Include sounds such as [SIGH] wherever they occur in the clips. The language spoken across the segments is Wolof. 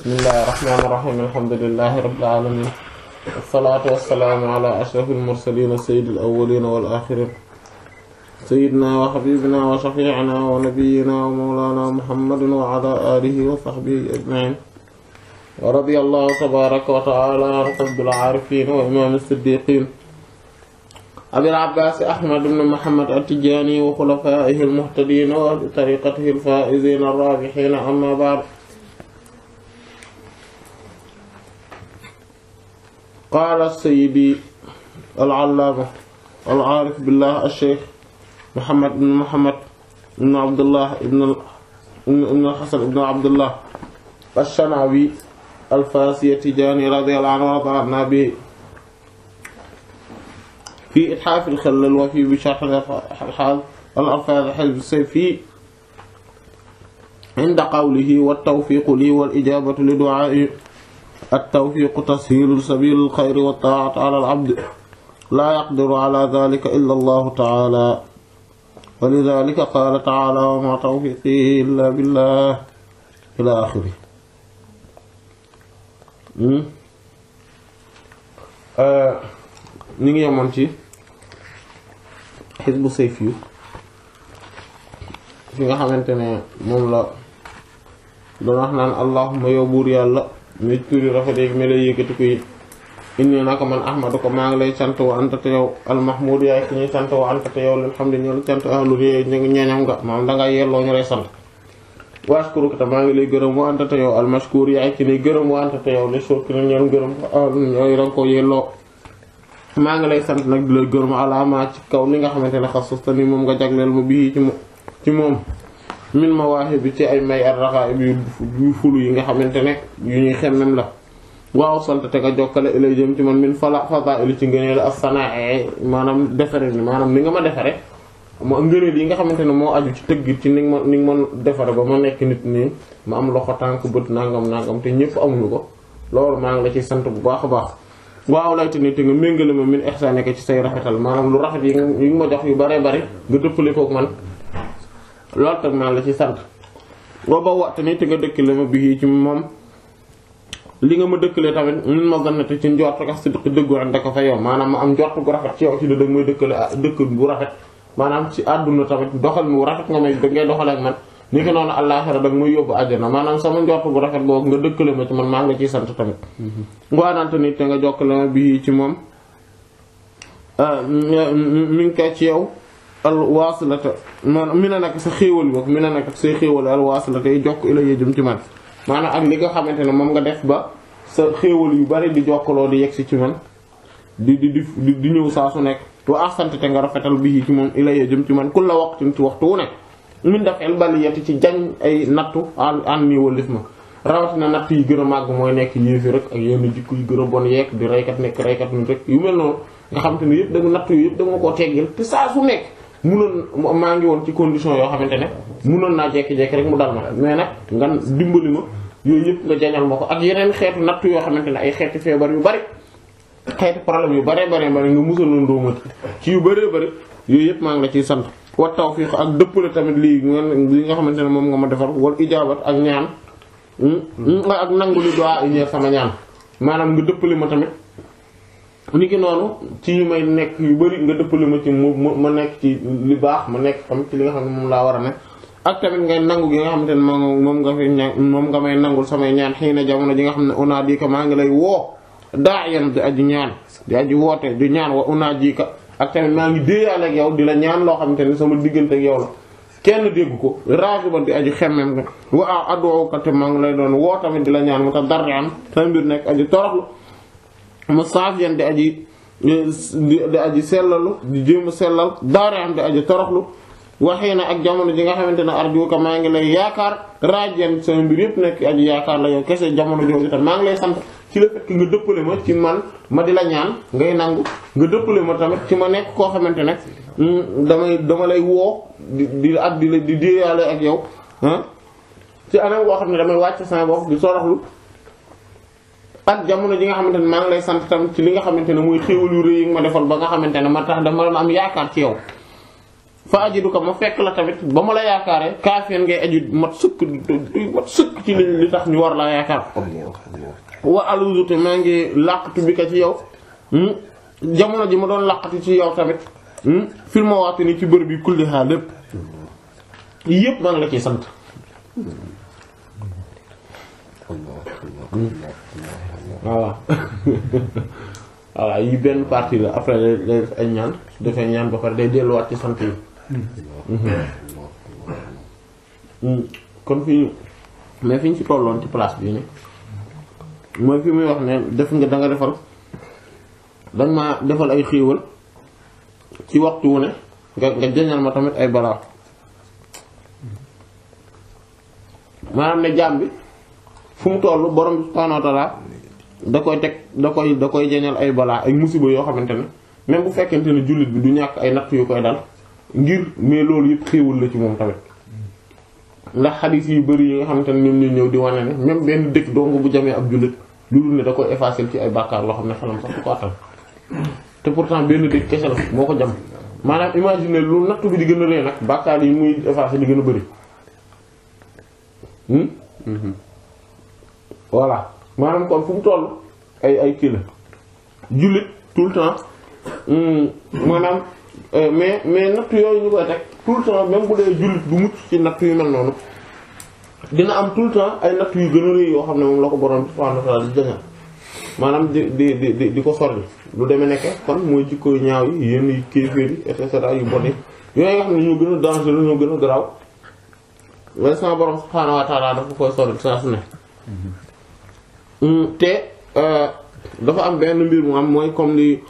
بسم الله الرحمن الرحيم الحمد لله رب العالمين الصلاة والسلام على أشرف المرسلين سيد الأولين والآخرين سيدنا وحبيبنا وشفيعنا ونبينا ومولانا محمد وعلى آله وصحبه أجمعين ورضي الله تبارك وتعالى رب العارفين وإمام الصديقين أبي العباس أحمد بن محمد التجاني وخلفائه المهتدين وطريقته الفائزين الرابحين أما بعد قال السيدي العلامة العارف بالله الشيخ محمد بن محمد بن عبد الله بن ابن الحسن بن عبد الله الشنعوي الفاسية تجاني رضي الله عنه وطلع نبي في إتحاف الخلل وفي بشرح الحال الأفاد حزب السيفي عند قوله والتوفيق لي والإجابة لدعائي at-tawfiiqu tashiilu sabiilil xayri wa taa'ati alal abdi laa yaqdiru alaa zaalika illaa Allaahu ta'aalaa wa lizaalika qaala ta'aalaa wa maa tawfiiqii illaa billaah ilaa aaxiri ñu ngi yemoon ci xisbu sayf yu fi nga xamante ne moom la doon wax naan allahuma yow buur yàlla mais tur yu rafet yi melo yëkkati ko yi inni naka man ahmadu ko maa ngi lay sant wa anta te yow almahmud yaay ki ñuy sant wa anta te yow leen xam ne da nga yelloo ñu lay maa ngi lay gërëm wa anta te yow almashkur yaay ki ñuy gërëm wa anta te yow li sokki na ñoom gërëm ñooy da nga ko yelloo maa ngi lay sant nag di lay gërëm alaama ci kaw li nga xamante ne xasusta ni moom nga jagleel mu bii ci moom min bi ci ay may ar-ragha'ib yu fulu yi nga xamante ne yu ñuy xemmem la waaw sant te nga jokkale ilay jëm ci man min fala fadaa'il ci ngëneel as-sanaa'i maanaam defare ni maanaam ni nga ma defare mo ngëneel yi nga xamante ne moo aju ci tëgg ci ni nga ma ni nga ma defare ba ma nekk nit nii ma am loxo tànk bët nangam nangam te ñëpp amuñu ko loolu maa ngi la ciy sant bu baax a baax waaw layta ni te nga méngale ma min ihsanika ci say rafetal maanaam lu rafet yi nga ma jox yu bare bare nga dëppale kook man loolu tam maa la ci sant boo ba waxtu ni te nga dëkkale ma bii ci moom li nga ma dëkkalee tamit mun ma gannate ci njort ak sidq dëggu ànd ak fa yow maanaam ma am njort bu rafet ci yow ci dëgg mooy ah, dëkk bu rafet maanaam ci àdduna tamit doxal mu rafet nga may dangay doxale ak man ni ko muy yóbbu àjjana maanaam sama njort bu rafet boobu nga dëkkale ma ci man maa ngi ciy sant tamit ngoanante mm-hmm. ni te nga jokkale ma ci moom ah, mi ci yow alwaasilata maanaam mi na nag sa xéewal yi bokk mi na nag say xéewal alwaasilata yi jokk ila yee ci man maanaam ak li nga xamante ne moom nga def ba sa xéewal yu bari di jokkaloo di yegg si ci man di di di ñëw saa su nekk wa ahsanta te nga rafetal bi ci moom ila yee ci man kulla waqtin ci waxtu wu nekk min dafel baliyati ci jañ ay nattu an nii walif ma rawatina natt yi gën a màgg mooy nekk yéefi rek ak yenn jikk yu gën bon yeeg di reykat nekk reykat nit rek yu mel noonu nga xam te ne yëpp da nga natt yëpp da nga koo teggil te saa su munoon maa ngi woon ci condition yoo xamante ne munoon naa jékki-jékki rek mu dal ma mais nag nga dimbali ma yooyu yëpp nga jañal ma ko ak yeneen xeetu nattu yoo xamante ne ay xeeti feebar yu bari xeeti problème yu bari bari bari nga musal noonu doo ci yu bari bari yooyu maa ngi la ciy sant wa tawfiq ak dëppale tamit lii li nga xamante ne moom nga ma defar wal ijaabat ak ñaan hmm? Hmm? ak nangu li doa ñeer sama ñaan maanaam nga dëppale ma tamit ni ki noonu ci may nekk yu bari nga dëppale ma ci mu ma nekk ci li baax ma nekk xam ci li nga xam ne moom laa war a nekk ak tamit ngay nangu gi nga xamante ne moom nga fi ña moom nga may nangul ñaan xëy na jamono ji nga xam ne unaa dika maa ngi lay woo daa yan di aji ñaan di aji wootee di ñaan wa unaa jika ak tamit maa ngi déeyaale ak yow di la ñaan loo xamante ni sama diggante ak yow la kenn dégg ko raaxiban di aju xemmem nga wa a adduwokate maa ngi lay doon woo tamit di la ñaan mu tax dara am sa mbir nekk aji toroxlu mu saafiyan di aji di aji sellalu di jéem a sellal daari'an di aji toroxlu waxii na ak jamono ji nga xamante ne arjuka maa ngi lay yaakaar raajen sama mbir yëpp nekk aji yaakaar la yow kese jamono jooju tam maa ngi lay sant ci la fekk nga dëppale man ma di la ñaan ngay nangu nga dëppale ma tamit ci ma nekk koo xamante ne mm, damay dama lay woo di di at di la di déyaale ak yow ah ci anam koo xam ne damay wàcc sama bopp di soroxlu ak jamono ji nga xamante ne maa ngi lay sant tamit ci li nga xamante ne mooy xéewal yu rëy yi ma defal ba nga xamante ne ma tax dama doon am yaakaar ci yow fa ajidu ko ma fekk la tamit ba ma la yaakaaree kaafeen ngay aju mat war laa yaakaar wa maa ngi làqatu bi ka ci yow hmm? jamono ji ma doon làqati ci yow tamit hmm? fil ma ni ci bërëb yi kulli xaal lépp yépp maa ngi la ciy sant hmm. voilà [LAUGHS] voilà yi benn partie la après day def ay ñaan su defee ñaan ba pare day delluwaat ci sant yi. Mm-hmm. Mm-hmm. kon fii mais fi ñu ci tolloon ci place bii nii mooy fi muy wax ne def nga danga nga defal dañ defal ay xéewal ci waxtu wu ne nga nga jañal ma tamit ay balaa maanaam ne jaam bi fu mu toll borom bi da koy teg da koy da koy jeñal ay balaa ay musiba yoo xamante ne même bu fekkente ne jullit bi du ñàkk ay natt yu koy dal ngir mais loolu yëpp xéewal la ci moom tamit ndax xadiis yu bari yi nga xamante ne ñoom ñu ñëw di wane ne même benn dëkk dong bu jamee ab jullit lu dul ne da koy effacer ci ay bàkkaar loo xam ne xelam sax du ko attan te pourtant benn dëkk kese la moo ko jam maanaam imagine lu natt bi di gën a rëy nag bàkkaar yi muy effacer di gën a bari hmm? mm-hmm. maanaam kon fu mu toll ay ay kii la jullit tout le temps hmm, maanaam euh, mais mais natt yooyu ñu koy teg tout temps même bu dee jullit bu mucc ci natt yu mel noonu dina am tout le temps ay natt yu gën a rëy yoo xam ne moom la ko borom subhanahu wa ta'ala di jañal maanaam di ko sori lu demee nekk kon mooy jikko ñaaw yi yenn yi kéeféer yooyu nga xam gën a dangereux ñoo gën a garaaw waaye borom subhanahu wa ta'ala dafa koy sori saa su ne mm-hmm. Mm, te euh, dafa am benn mbir mu am mooy comme li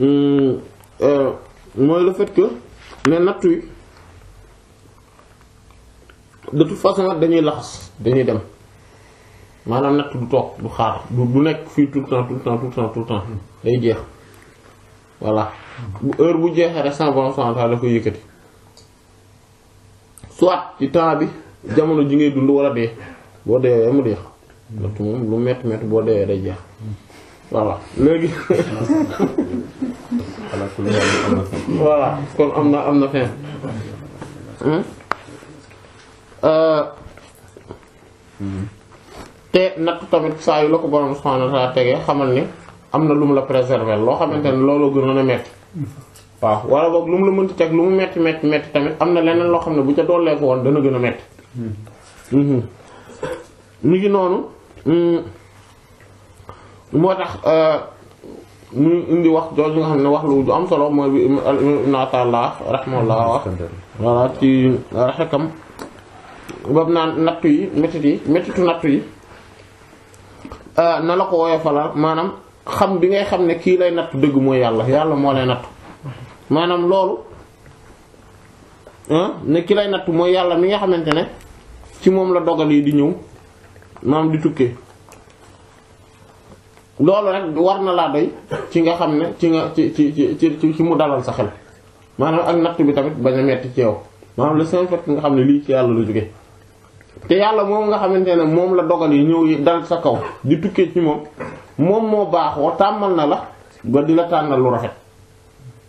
mm, euh, mooy le fait que ne nattu yi de façon dañuy laxas dañuy dem maanaam natt du toog du xaar du du nekk fii tout le temps tout le temps tout le temps tout le temps day jeex voilà bu heure bu jeexee rek cent vingt temps bi jamono ji ngay dund wala dee boo dee mu lu métti métti boo deewee day jeex voilà léegi voilà kon am na am na fin hmm? euh, te natt tamit saa yu la ko borom subhaanahu wa ta'aala tegee xamal ni am na lu mu la préserver loo xamante ne looloo gënoon a métti waaw wala boog lu mu la mënti teg lu mu metti metti metti tamit am na leneen loo xam ne bu ca dooleeku woon dana gën a metti ñu hmm. hmm. ngi noonu Hmm. moo tax euh, mu indi wax jooju nga xam ne wax lu du am solo mooy bi nattu yi métit nattu yi euh, na la ko woyofalal maanaam xam bi ngay xam ne kii lay nattu dëgg mooy yàlla yàlla moo lay nattu maanaam loolu ne ki lay nattu mooy yàlla mi nga xamante ne ci moom la dogal yi di ñëw maam di tukkee loolu rek war na laa doy ci nga xam ne ci nga ci ci ci ci mu dalal sa xel maanaam ak natt bi tamit bañ a metti ci yow maanaam le simple ki nga xam ne lii ci yàlla lu jóge te yàlla moom nga xamante ne moom la dogal yi ñëw yi dal sa kaw di tukkee ci moom moom moo baaxoo tàmmal na la ba di la tànnal lu rafet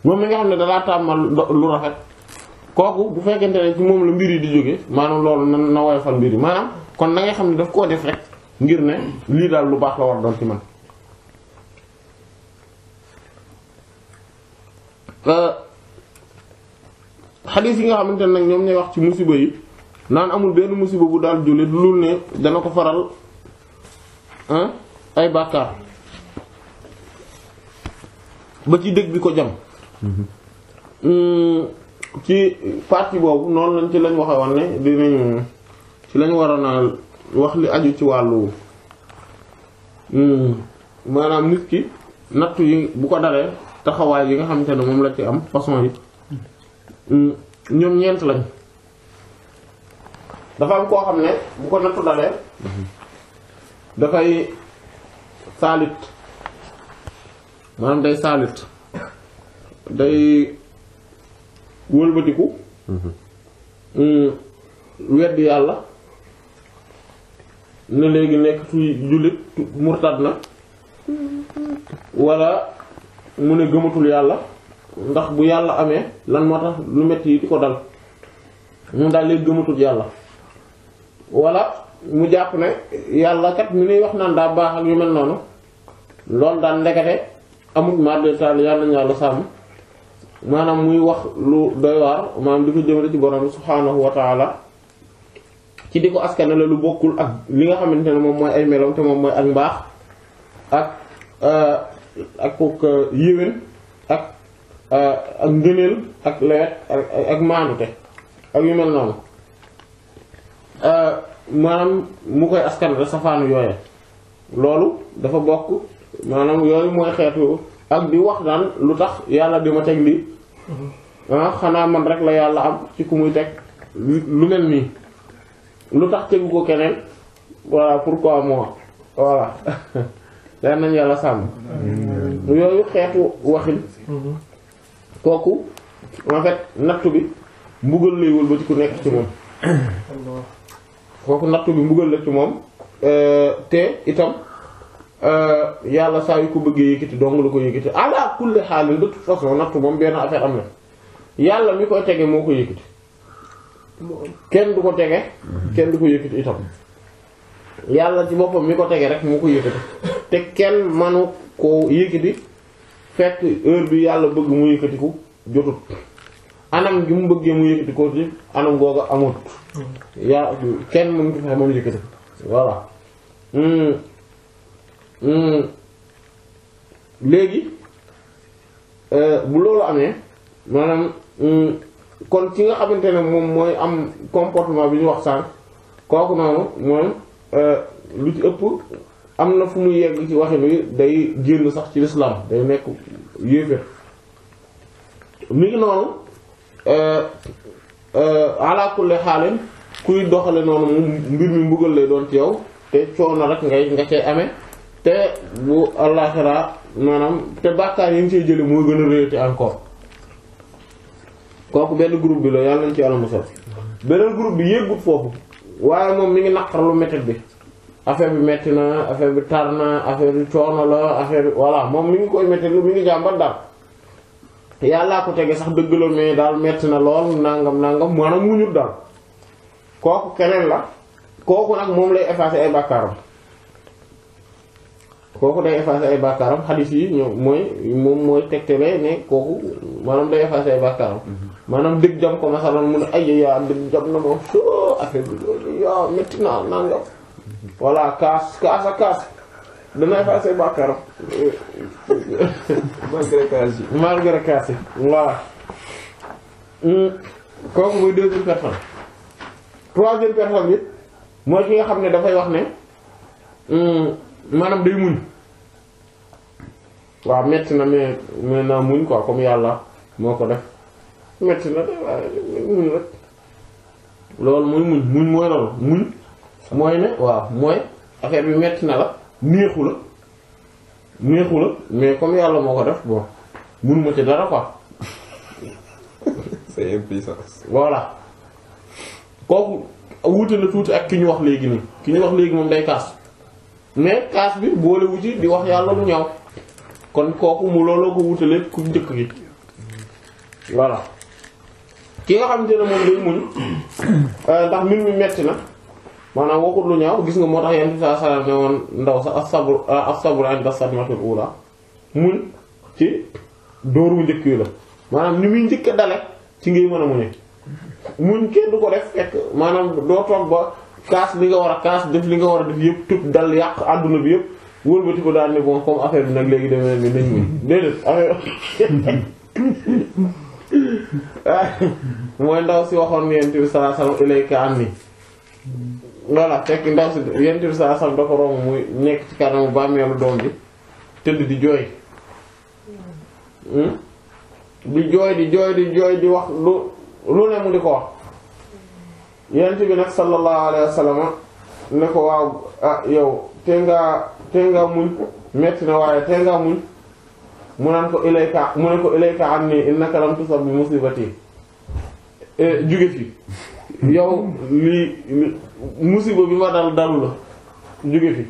moom mi nga xam ne dalaa tàmmal lu rafet kooku bu fekkente ne ci moom la mbir yi di jóge maanaam loolu na na woyofal mbir yi kon na xam ne daf koo def rek ngir ne lii daal lu baax la war doon ci man euh, xadis yi nga xamante nag ñoom ñooy wax ci musiba yi naan amul benn musiba bu daal jullit lu ne dana ko faral ay bàkkaar ba ci dëgg bi ko jam mm-hmm. mm, ci partie boobu noonu lañ ci lañ waxe woon ne ci lañu waroon a wax li aju ci wàllu hmm, maanaam nit ki nattu yi bu ko dalee taxawaay yi nga xamante ne moom la ci am façon yi hmm, ñoom ñeent lañ dafa am koo xam ne bu ko nattu dalee dafay saalit maanaam day saalit day wëlbatiku mhm. hmm, weddi yàlla ne léegi nekk tuy jullit murtad na wala mu ne gëmatul yàlla ndax bu yàlla amee lan moo tax lu metti yi di ko dal mu daal léegi gëmatul yàlla wala mu jàpp ne yàlla kat mi nuy wax naan daa baax ak yu mel noonu loolu daan ndekete amut ma de taal yàlla ñu sàmm maanaam muy wax lu doy waar maanaam di ko jëmale ci borom subhaanahu wa taala ci di ko askane la lu bokkul ak li nga xamante ne moom mooy ay meloom te moom mooy ak mbaax ak euh, ak kook euh, yéwén ak euh, ak ngëneel ak lewet ak maanute ak yu mel noonu maanaam mu koy askan la safaanu yooye loolu dafa bokk maanaam yooyu mooy xeetu ak di wax naan lu tax yàlla di ma teg lii mm-hmm. ah, xanaa man rek la yàlla am ci ku muy teg lu mel nii lu tax tegu ko keneen voilà pourquoi moi voilà daan [LAUGHS] nañ yàlla sàmm yooyu xeetu waxin mhm. kooku en fait nattu bi mbugal lay wëlbati ku nekk ci moom kooku nattu bi mbugal la ci moom euh, te itam euh, yàlla saa yu ko bëggee yëkkati dong la ko yëkkati ala kulli xaalin de toute façon nattu moom benn affaire am na yàlla mi koy tege moo ko yëkkati kenn du ko tege kenn du ko yëkkati itam yàlla ci boppam mi ko tege rek moo ko yëkkati te kenn manu ko yëkkati fekk heure bi yàlla bëgg mu yëkkatiku jotut anam gi mu bëggee mu yëkkati ko ci anam googu amut yaa kenn mënu ko fexe moom yëkkati voilà hmm. Hmm. léegi euh, bu loolu amee maanaam hmm, kon ki nga xamante ne moom mooy am comportement bi ñu wax sànq kooku noonu moom euh, lu ci ëpp am na fu muy yegg ci waxe bi day génn sax ci lislaam day nekk yéeféer mi ngi noonu euh, euh, ala kulli xaalin kuy doxale noonu mbir mi mbugal lay doon ci yow te coono rek ngay nga cay amee te bu àllaaxira maanaam te bàkkaar yi ñu cee jële moo gën a réyati encore kooku benn groupe bi la yàlla nañ ci yàlla musal beneen groupe bi yëggut foofu waaye moom mi ngi naqarlu métit bi affaire bi métti na affaire bi tar na affaire bi coono la affaire bi voilà moom mi ngi koy métti lu ngi jàmbat daal yàllaa ko tege sax dëgg la mais daal metti na lool nangam nangam maanaam muñut daal kooku keneen la kooku nag moom lay effacer ay bàkkaaram kooku day effacer ay bàkkaaram xadis yi ñoom mooy moom mooy tegtale ne kooku maanaam day effacer ay bàkkaaram mm-hmm. maanaam dëgg jam ko masalan mu ne ay yaa dëgg jam na moom su affaire bi loolu yaa métti naa nangam mm-hmm. voilà kaas kaas ak kaas dana effacer ay bàkkaaram [LAUGHS] kaas yi malgré kaas yi voilà hmm, kooku mooy deuxième personne troisième personne bi mooy ki nga xam ne dafay wax ne hmm, manam day muñ waaw metti na mais mais naa muñ quoi comme yàlla moo ko def metti na waaye muñ rek loolu mooy muñ muñ mooy loolu muñ mooy ne waaw mooy affaire bi metti na la neexu la neexu la mais comme yàlla moo ko def bon mun ma ci dara quoi. [LAUGHS] c'est kooku wuute na tuuti ak ki ñu wax léegi nii ki ñu wax léegi moom day kaas. mais kaas bi boole wu di wax yàlla lu ñaaw kon kooku mu looloo ko wutale ku njëkk gi voilà ki nga xamante ne moom day muñ [COUGHS] euh, ndax mbir mi metti na maanaam waxut lu ñaaw gis nga moo tax yenn saa saa ne woon ndaw sax as-sabr euh, as-sabr 'inda sadmatil ula muñ ci dóoru njëkk yi la maanaam ni muy njëkk dale ci ngay mën a muñe muñ kenn du ko def fekk maanaam doo toog ba kaas li nga war a kaas def li nga war a def yëpp tub dal yàq àdduna bi yëpp wëlbati ko daal ne bon comme affaire bi nag léegi demee ni nañ mun déedéet affaire [LAUGHS] mooy ndaw si waxoon yent bi sallallahu alayhi wasallam ilayka anni voilà fekk ndaw si yent bi sallallahu alayhi muy nekk ci kanamu bàmmeelu doom bi tëdd di jooy hmm? di jooy di jooy di jooy di wax lu lu ne mu di ko wax yent bi nag sallallahu alayhi wa sallam ne ko waaw ah, yow te ngaa muñ metti na waaye te muñ mu naan ko ilayka mu ne ko ilayka anni innaka lam tusab bi musibati e, jóge fi yow lii musiba bi ma dal dalu la jóge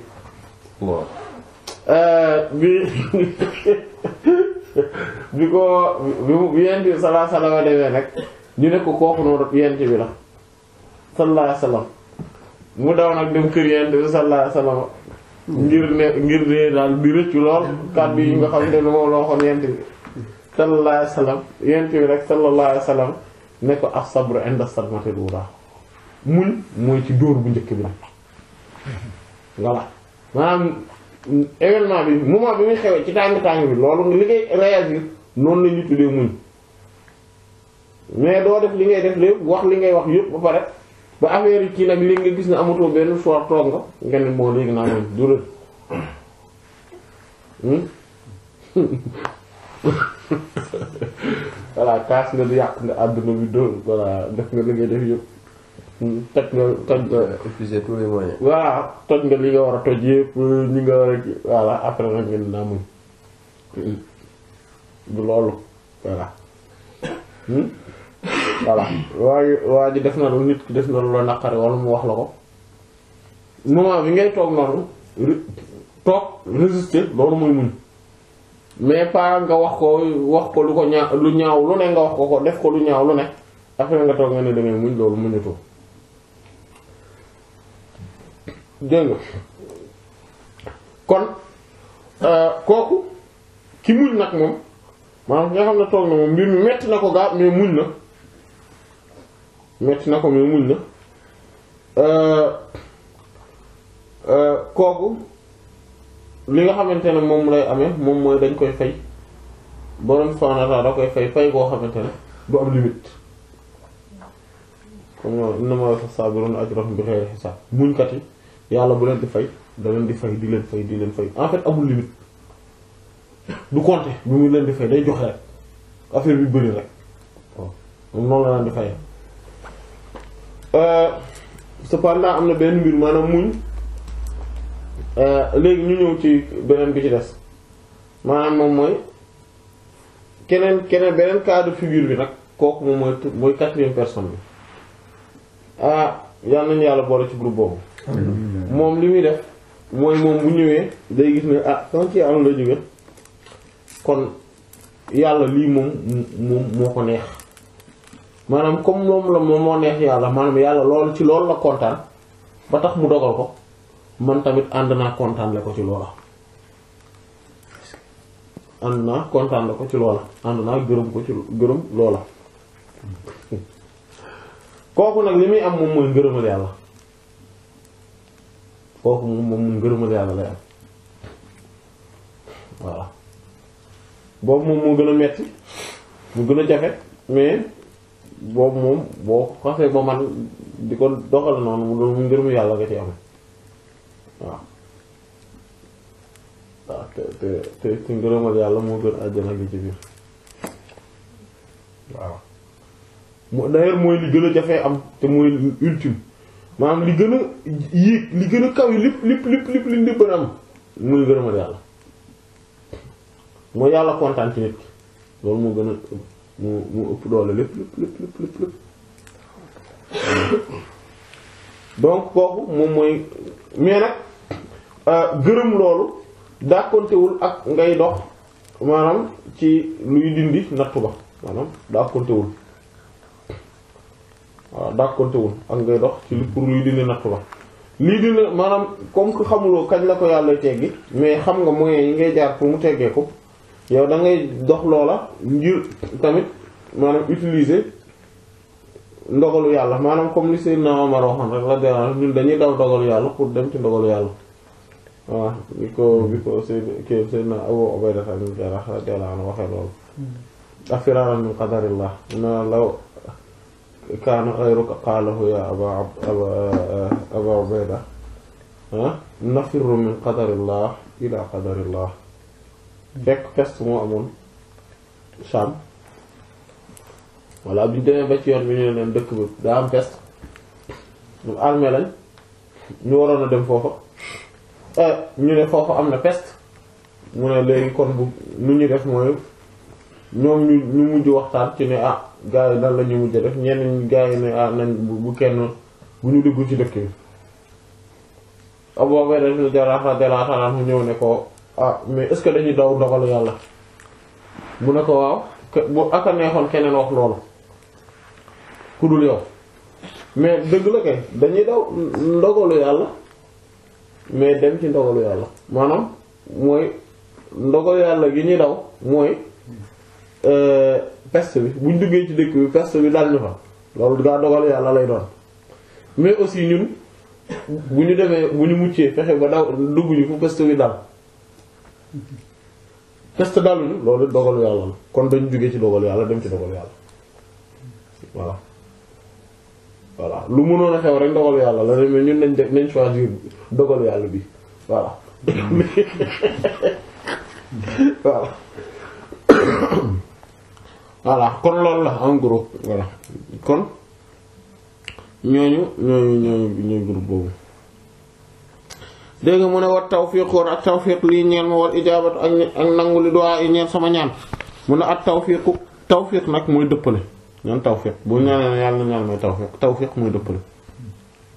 e, bi ko bi yent bi sallallahu alayhi wa sallam demee ñu ne ko kooku noonu yent bi la sallallahu alayhi wasallam mu daw nag dem kër yonent bi sallallahu alayhi ngir ne ngir ne daal bi rëccu lool kàddu yi nga xam ne moom la waxoon bi sallallahu alayhi wasallam yonent bi rek sallallahu alayhi wasallam ne ko as-sabru muñ mooy ci dóor bu njëkk bi nag voilà maanaam événement bi moment bi muy xewee ci tàng tàng bi loolu li ngay réagir noonu la tuddee muñ mais doo def li ngay def lépp wax li ngay wax yëpp ba pare ba affaire yi nag léegi nga gis ne amatoo benn choix toog nga nga ne léegi naa leen durer hmm? [LAUGHS] voilà kaas nga yàq nga àdduna bi dóor voilà def nga li ngay def yëpp hmm, toj nga toj nga. épuisé tous les moyens. waaw toj nga li nga war a toj yëpp ñi nga war a voilà après nag nga dinaa mën hmm. du loolu voilà. voilà waaye waa ji def na lu nit ki def na lu la naqari wala mu wax la ko moment bi ngay toog noonu toog résister loolu mooy muñ mais pas nga wax ko wax ko lu ko ñaa lu ñaaw lu ne nga wax ko ko def ko lu ñaaw lu ne après nga toog nga ne dangay muñ loolu muñatoo dégg kon euh, kooku ki muñ nag moom maanaam nga xam ne toog na moom mbir mi metti na ko gaa mais muñ na metti na ko mais muñ na kooku li nga xamantene mom lay amé mom moy dañ koy fay borom subhaanahu wa da koy fay fay boo xamante du am limite comme innamaa yujzaa as-saabiruuna bi ghayri hisaab muñkat yi yàlla bu leen di fay da leen di fay di leen fay di leen fay en fait amul limite du compter bi mu leen di fay day jox affaire bi bëri rek waaw la leen di fay Euh, cependant am na benn mbir maanaam muñ euh, léegi ñu ñëw ci beneen bi ci des maanaam moom mooy keneen keneen beneen cas de bi nag kooku moom mooy mooy quatrième personne bi ah yal nañu yàlla boole ci groupe boobu. moom li muy def mooy moom bu ñëwee day gis ne ah kan ci am la jóge kon yàlla lii moom moom moo ko neex. maanaam comme moom la moom moo neex yàlla maanaam yàlla loolu ci loolu la kontaan ba tax mu dogal ko man tamit ànd naa kontaan la ko ci loola ànd naa kontaan ko ci loola ànd naa gërëm ko ci gërëm loola kooku nag li muy am moom mooy ngërëmal yàlla kooku moom moom ngërëmal yàlla lay am voilà boobu moom moo gën a metti mu gën a jafe mais boobu moom boo xasee ba man di ko doxal noonu mu doon ngërëmu yàlla nga ci am waaw waaw te te te ci ngërëmal yàlla moo gën àjjana gi ci biir waaw mo d'ailleurs mooy li gën a jafee am te mooy ultime maanaam li gën a yéeg li gën a kaw yi lépp lépp lépp lépp li ndébbal am muy ngërëmal yàlla mooy yàlla kontaan ci nit ki loolu moo gën a mu mu ëpp doole lépp lépp lépp lépp lépp donc kooku moom mooy mais nag euh, gërëm loolu dàkkontewul ak ngay dox maanaam ci luy dindi nattu ba maanaam dàkkontewul waaw dàkkontewul ak ngay dox ci pour luy dindi nattu ba lii dindi maanaam comme que xamuloo kañ la ko yàlla teggi mais xam nga moyens yi ngay jaar pour mu teggee ko yow da dox loola ngir tamit maanaam utiliser ndogalu yàlla maanaam comme li Seydina Omar waxoon rek la dee ñun dañuy daw ndogalu yàlla pour dem ci ndogalu yàlla waaw bi ko bi ko Seydina Seydina Abu Ubayda ibn Jarrah radiyallahu anhu waxee loolu hmm. afiraaran min qadarillah na law kaana ghayruka qaalahu ya aba aba Ubayda min qadarillah ila qadarillah fekk peste moo amoon Sham voilà bi ñu demee ba ci yoon bi ñu ne leen dëkk bi daa am peste lañ ñu waroon dem foofa euh, ñu ne foofa am na peste mu ne léegi kon bu nu ñu def mooy ñoom ñu ñu mujj waxtaan ci ne ah gars yi nan la ñu mujj def ñenn ñi yi ne ah nañ bu kenn bu ñu dugg ci dëkk bi. Abu Ubayda ibn Jarrah radiyallahu anhu ñëw ne ko. ah mais est-ce que dañuy daw dogalu yàlla bu ne ko waaw bu aka neexoon keneen wax loolu ku dul yow mais dëgg la kay dañuy daw ndogalu yàlla mais dem ci ndogalu yàlla maanaam mooy ndogalu yàlla gi ñuy daw mooy euh, peste bi buñ duggee ci dëkk bi peste bi dal ñu fa loolu gaa dogalu yàlla lay doon mais aussi ñun bu ñu demee bu ñu muccee fexe ba daw dugg ñu fu peste bi dal test [LAUGHS] daluñu loolu dogalu yàlla la kon dañu jógee ci dogalu yàlla dem ci dogalu yàlla voilà voilà lu mënoon xew rek dogalu yàlla la mais ñun nañ def nañ choisir dogalu yàlla bi voilà [LAUGHS] voilà [COUGHS] voilà kon loolu la en gros kon ñooñu ñooñu ñooñu ñooy groupe boobu dégg nga mu ne wat tawfiq wa tawfiq li ñeen mo wal ijabat ak nangul du'a yi ñeen sama ñaan mu ne at tawfiq tawfiq nak moy dëppale ñaan tawfiq bu na yalla ñaan moy tawfiq tawfiq moy dëppale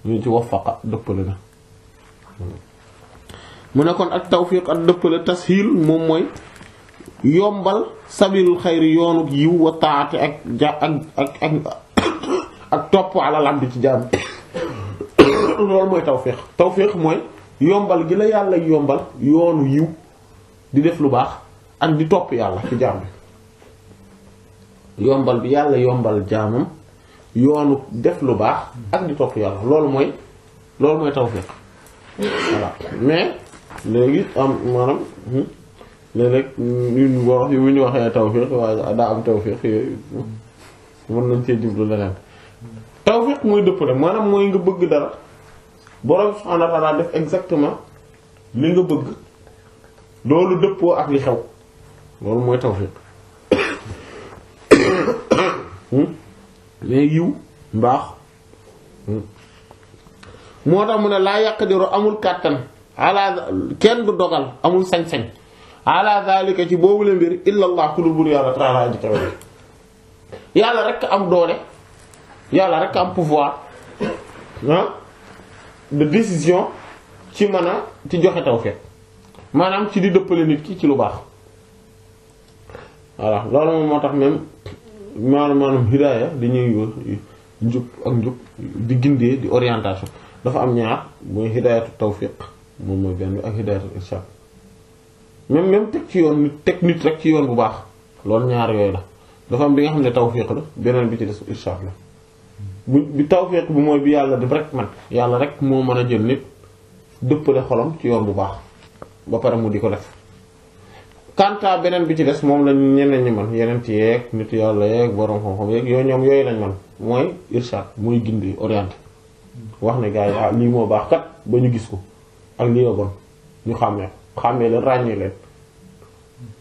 ñu ci wafaqa dëppale na mu ne kon at tawfiq at dëppale tashil mom moy yombal sabilul khair yoonu yiw wa taati ak ak ak ak top ala lamb ci jamm [COUGHS] lool moy tawfiq tawfiq moy yombal gi la yàlla yombal yoonu yiw di def lu baax ak di topp yàlla ci jaam bi yombal bi yàlla yombal jaamam yoonu def lu baax ak di topp yàlla loolu mooy loolu mooy tawfiq voilà mais léegi am maanaam hmm, léeg-léeg yu ñu waxee tawfiq waaye daa am tawfiq yooyu mën nañ cee jublu leneen tawfiq mooy dëpp rek maanaam mooy nga bëgg dara borom subhaanahu wa ta'ala def exactement li nga bëgg loolu dëppoo ak li xew loolu mooy tawfiq mais yiw mbaax moo tax mu ne laa yaqdiru amul kàttan ala kenn du dogal amul sañ-sañ ala zalika ci boobu la mbir illa ku lu bur yàlla taala aji yàlla rekk am doole yàlla rekk am pouvoir de décision ci mën a ci joxe tawfiq maanaam ci di dëppale nit ki ci lu baax voilà loolu moom moo tax même maanaam maanaam hidaaya dañuy njub ak njub di gindee di orientation dafa am ñaar mooy hidaayatu tawfiq moom mooy benn bi ak hidaayatu irshad même même teg ci yoon nit teg nit rek ci yoon bu baax loolu ñaar yooyu la dafa am bi nga xam ne tawfiq la beneen bi ci des irshad la bu bi tawfeex bi mooy bi yàlla def rek man yàlla rek moo mën a jël nit dëppale xolam ci yoon bu baax ba pare mu di ko def kanta beneen bi ci des moom lañ ñeneen ñi man yeneen ci yeeg nit yàlla yeeg borom xam-xam yeeg yooyu ñoom yooyu lañ man mooy irshad mooy gindi orienté wax ne gars yi ah lii moo baax kat ba ñu gis ko ak lii la bon ñu xàmmee xàmmee leen ràññee leen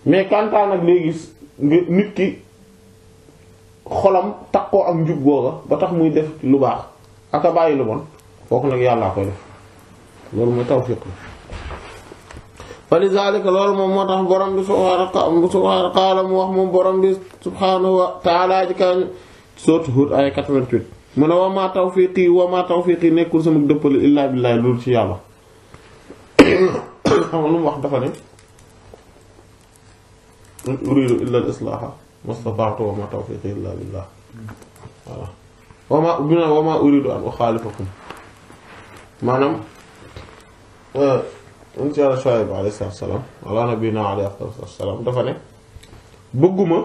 mais kanta nag léegi nit ki xolam takkoo ak njub googa ba tax muy def lu baax ak a bàyyi lu bon kooku nag yàllaa koy def loolu moom moo tax borom bi subhaanahu qaala mu wax moom borom bi subhaanahu wa taala ji kan mu ne wa maa tawfiqi wa nekkul sama dëppale illaa billaahi loolu ci yàlla [COUGHS] xam lu mu wax dafa ne in uriidu illa islaaha mastataatu wa ma tawfiqi illa billah voilà wama bi na wama uridu an uxaalifakum maanaam unt yàlla Shuayb alayhi salaatu salaam ala nabina alayhi salaatu salaam dafa ne bëgguma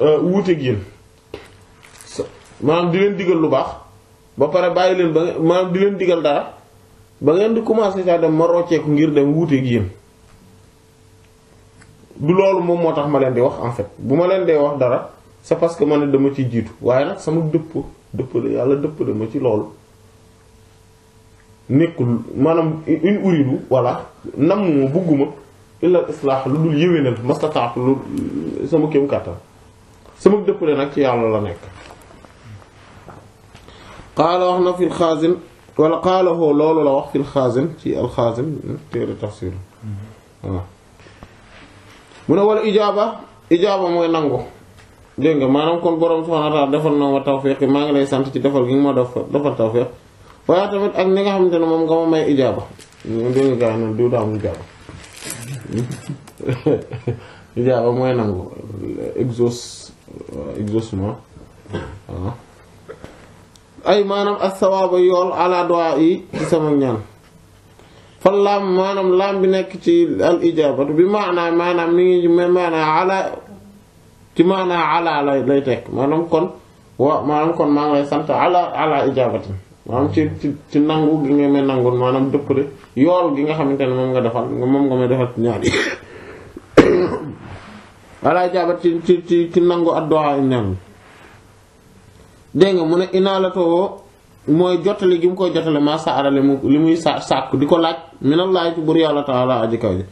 wuuteeg yéen maanaam di leen digal lu baax ba pare bàyyi leen ba maanaam di leen digal dara ba ngeen di commencer saa dem ma rocceeku ngir dem wuuteeg yéen du loolu moom moo tax ma leen di wax en fait bu ma leen dee wax dara c'est parce que ma ne dama ci jiitu waaye nag sama dëpp dëpp la yàlla dëpp dama ci loolu nekkul maanaam in uridu voilà nam ma bugguma illal islaax lu dul yéwénal mastataatu lu sama kéem kàttan sama dëppale nag ci yàlla la nekk qaala wax na fil xaasin wala qaala hoo loolu la wax fil xaasin ci alxaasin téere tafsir waaw mu ne wala ijaaba ijaaba mooy nangu dégg nga maanaam kon borom subhaanahu wa defal na ma tawfiq maa ngi lay sant ci defal gi nga ma def defal tawfiq waaye tamit ak ni nga xamante ne moom nga ma may ijaaba dégg nga gars yi noonu [LAUGHS] ijaaba mooy nangu exauce euh, exaucement waaw ay maanaam as sawaaba yool ala doa yi ci sama ñaan fal laam maanaam laam bi nekk ci al ijaabatu bi maanaa maanaam mi ngi maanaa ala ci maanaa ala lay lay tekk maanaam kon wa maanaam kon maa ngi lay sant ala ci ci ci nangu gi gi nga xamante ne moom nga defal moom nga may [COUGHS] ala ijaabat ci ci ci nangu addu'a ñaan dégg nga mu ne inaalatoo mooy jotale gi mu koy jotale maa saara li mu li muy sa sàkk di ko laaj minallahi ci buur yàlla taala aji kaw ji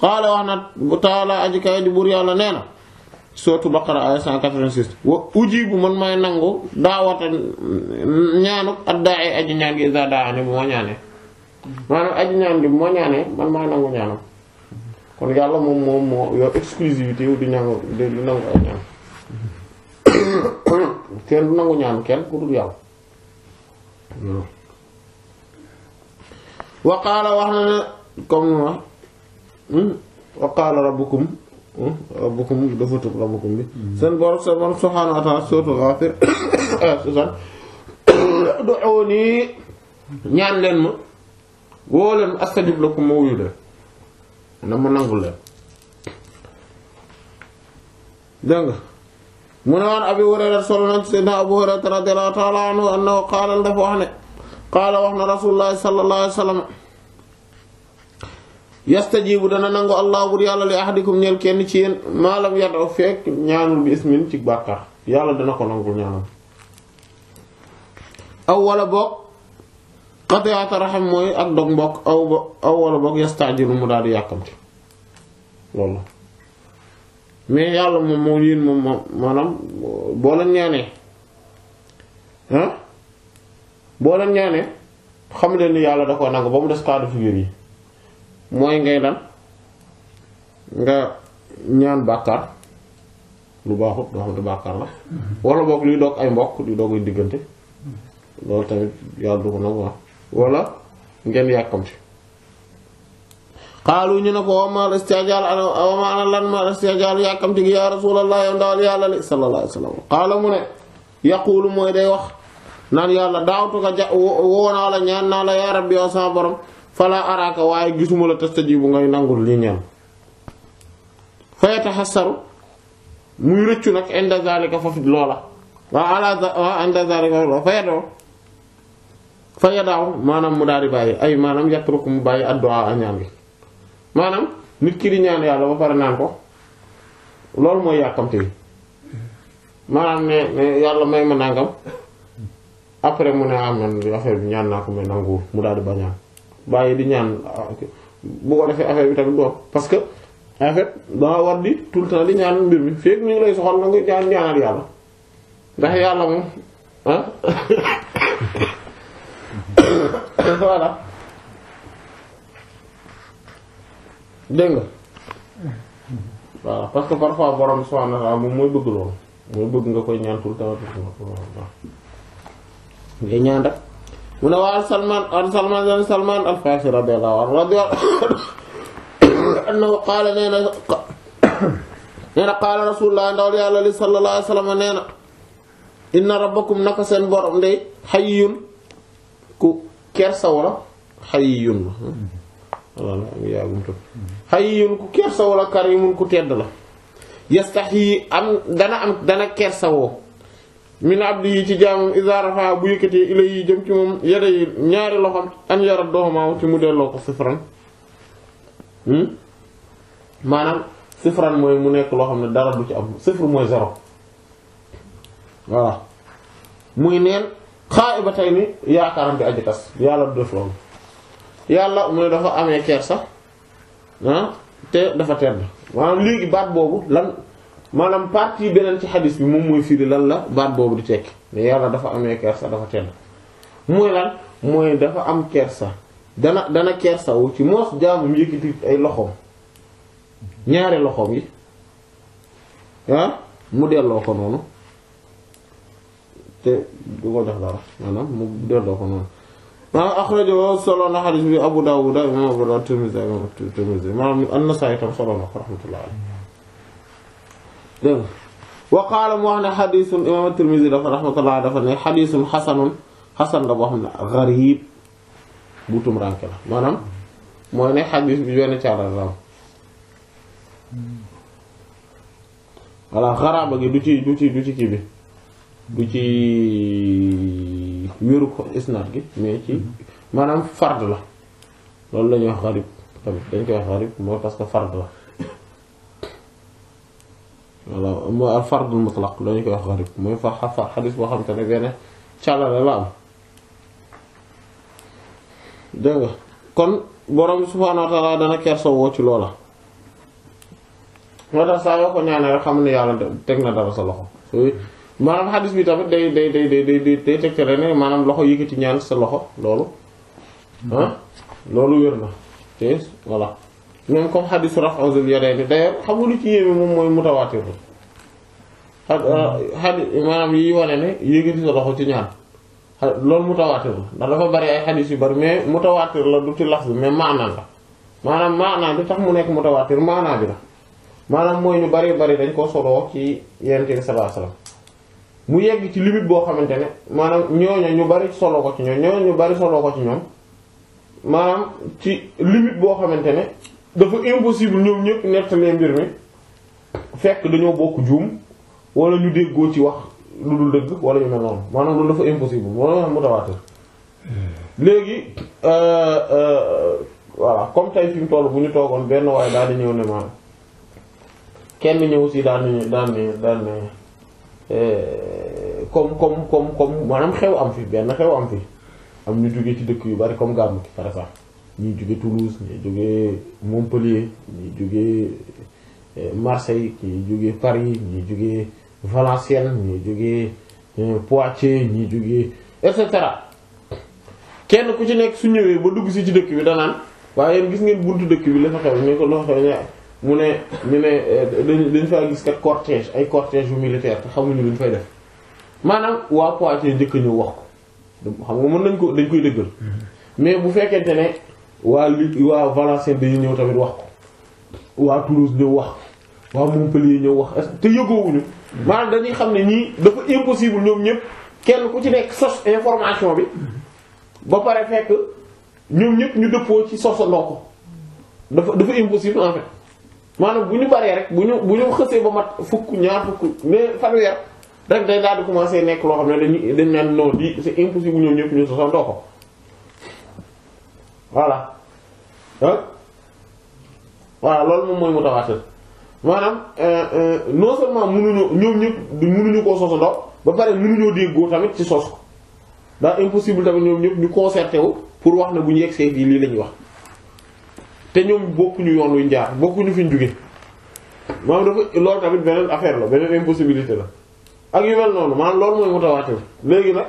qaala wax na taala aji kaw ji buur nee na sootu baqara ay 186 wa ujibu man may nangu daawata ñaanuk addaay aji ñaan gi isa daane bu ma ñaanee maanaam ñaan gi bu ma ñaanee man may nangu ñaanam kon yàlla moom moom moo yow exclusivité wu di nangu di nangu ay ñaan [COUGHS] kenn du nangu ñaan kenn ku dul yàlla waqaala wax na ne comme waqaala hmm? rabbukum hmm? rabbukum dafa tub rabbukum bi hmm. seen borom seen borom subhaanahu wa ta'aala sootu Ghaafir [COUGHS] sosan [COUGHS] ud'uunii ñaan leen ma woo leen astajib lakum ma wuyu leen na nangu leen dégg munawan abi hurayra sallallahu alayhi wa abu hurayra radhiyallahu ta'ala anhu annahu qala lahu fahne qala wahna rasulullah sallallahu alayhi wa sallam yastajibu dana nangu allah bur yalla li ahadikum ñel kenn ci yeen malam yado fek ñaanul bismin ci bakkar yalla dana ko nangul ñaanal awwala bok qati'at rahim moy ak dog bok aw aw wala bok yastajilu mudadi yakamti lolou mais yàlla moom moo yéen moom maanaam boo leen ñaanee ah boo leen ñaanee xam leen ni yàlla da ko nangu ba mu des cas de figure yi mooy ngay lan nga ñaan bàkkaar lu baaxut doo xam ne bàkkaar la wala boog luy doog ay mbokk luy doog ay diggante loolu tamit yàlla du ko nangu ah. wala ngeen yàkkamti xaalu ñu ne ko wama al istijaal wama ma al istijaal yàkkamti gi yaa rasulallah yow ndawal yàlla li sallallahu alayhi wa sallam mu wax fa yataxassaru fa yadoo maanaam mu daal di bàyyi ay maanaam yatruku mu bàyyi addu'a añaan bi maanaam nit kii di ñaan yàlla ba pare naan ko loolu mooy yàkkamte yi maanaam ne ne yàlla may ma nangam après mu ne am na affaire bi ñaan naa ko mais nangu mu daal di bañaan bàyyi di ñaan bu ko defee affaire bi tamit doom parce que en fait danga war di tout le temps di ñaan mbir mi fekk ñu lay soxal na nga ñaan ñaanal yàlla ndax yàlla moom ah dégg nga parce que parfois borom soona la mo moy mooy bëgg loolu mooy bëgg nga koy ñaan tout temps ngay ñaan rek mu Salman an Salman an Salman al-Farsi radiyallahu anhu radiyallahu [COUGHS] anhu qaala nee na rasulullah ndaw yàlla li sallallahu alayhi wasallam nena inna rabbakum nakasan borom de hayyun ku kersa la hayyun wala ya gum hayyun ku kersa wala karimun ku tedd la yastahi am dana am dana kersawoo min abdi yi ci jaamam iza rafa bu yëkkatee ila yi jëm ci moom yada ñaari loxoom an yara doxamaaw ci mu delloo ko sifran hmm? maanaam sifran mooy mu nekk loo xam ne dara du ci am sifr mooy zéro voilà muy neen xaayiba tey ni yaakaaram bi aji tas yàlla du def loolu yàlla mu ne dafa amee kersa han te dafa tedd manam legui bat bobu lan manam parti benen ci hadith bi mom moy firi lan la bat bobu di tek ne yalla dafa amé kersa dafa tedd moy lan moy dafa am kersa dana dana kersa wu ci mos jamu yekiti ay loxom ñaari loxom yi han mu delo ko nonu te du ko dox dara manam mu delo ko nonu maanaam axrajahu solo na xadis bi Abu Dawud imam Abu Dawud Tirmidhi imam Tirmidhi maanaam an-Nasa'i tam solo na ko rahmatullah alayhi wa qaala mu wax ne xadisun imam Tirmidhi dafa rahmatullah dafa ne xadisun xasanun xasan la boo xam ne garib bu tumuraanke la maanaam mooy ne xadis bi benn caalal la voilà xaraaba gi du ci du ci du ci kii bi du ci wéeru ko isnaad gi mais ci maanaam fard la loolu la wax xarib dañ koy wax xarib mooy parce que fard la voilà mooy al fardul mutlaq la ñu koy wax xarib mooy fa fa xadis boo xam te ne benn càllale la am dégg kon borom subhaanahu wa dana kerso woo ci loola moo tax saa yoo ko ñaanee rek xam ne yàlla teg na dara sa loxo maanaam xadis bi tamit day day day day day day tegtale ne maanaam loxo yëkkati ñaan sa loxo loolu ah loolu wér na te voilà même comme xadisu raf'u zul yadayni d'ailleurs xam nga lu ci yéeme moom mooy mutawaatir a xadi yi wane ne yëkkati sa loolu mutawaatir la ndax dafa bari ay mais mutawaatir la du ci lax bi mais maanaan la maanaam maanaa bi tax mu nekk mutawaatir maanaa bi la maanaam mooy ñu bari bari dañ ko soloo ci yente bi sallallahu alayhi mu yegg ci limite boo xamante ne maanaam ñooñu ñu bari solo ko ci ñoom ñu bari ko ci ñoom maanaam ci limite boo xamante ne dafa impossible ñoom ñëpp nettalee mbir mi fekk dañoo bokk juum wala ñu déggoo ci wax lu dul dëgg wala ñu mel noonu maanaam loolu dafa impossible wala mu mutawaatir léegi euh, euh, voilà comme tey fi mu toll bu ñu toogoon benn waaye daal di ñëw ne maanaam kenn ñëw si daal di daal di daal di. Euh, comme comme comme comme maanaam xew am fi benn xew am fi am ñu jógee ci dëkk yu bari comme gàmm par exemple ñuy jógee Toulouse ñuy jógee Montpellier ñuy jógee euh, Marseille ñuy jógee Paris ñuy jógee Valenciennes ñuy jógee euh, Poitiers ñuy jógee et cetera kenn ku ci nekk su ñëwee ba dugg si ci dëkk bi danaan waaye yéen gis ngeen buntu dëkk bi la fa xew ñu ko loo xew mu ne ñu ne eh, dañ faa gis kat cortège ay cortège yu militaire te xamuñu luñ fay def maanaam waa Poitiers njëkk ñëw wax ko xam nga mën nañ ko dañ koy dëggal mm-hmm. mais bu fekkente ne waa li waa Valenciennes dañuy ñëw tamit wax ko waa Toulouse ñëw wax waa Montpellier ñëw wax te yëgoowuñu mm-hmm. maanaam dañuy xam ne ñii dafa impossible ñoom ñëpp kenn ku ci nekk sos information bi mm-hmm. ba pare fekk ñoom ñëpp ñu dëppoo ci sosa ko dafa dafa impossible en maanaam bu ñu baree rek bu ñu bu ñu xësee ba mat fukk ñaar fukk mais fanweer rek day daal di commencer nekk loo xam ne dañuy dañ naan non di c'est impossible ñoom ñëpp ñu sosandoo ko voilà ah voilà loolu moom mooy mutawaatir maanaam euh, euh, non seulement mënuñu ñoom ñëpp mënuñu koo sosandoo ba pare mënuñoo déggoo tamit ci sos ko ndax impossible tamit ñoom ñëpp ñu concerté wu pour wax na bu ñu yegsee fii lii la ñuy wax. te ñoom bokkuñu yoon wi njaar bokkuñu fi ñu jóge dafa loolu tamit beneen affaire la beneen impossibilité la ak yu mel noonu maanaam loolu mooy mutawaatir léegi nag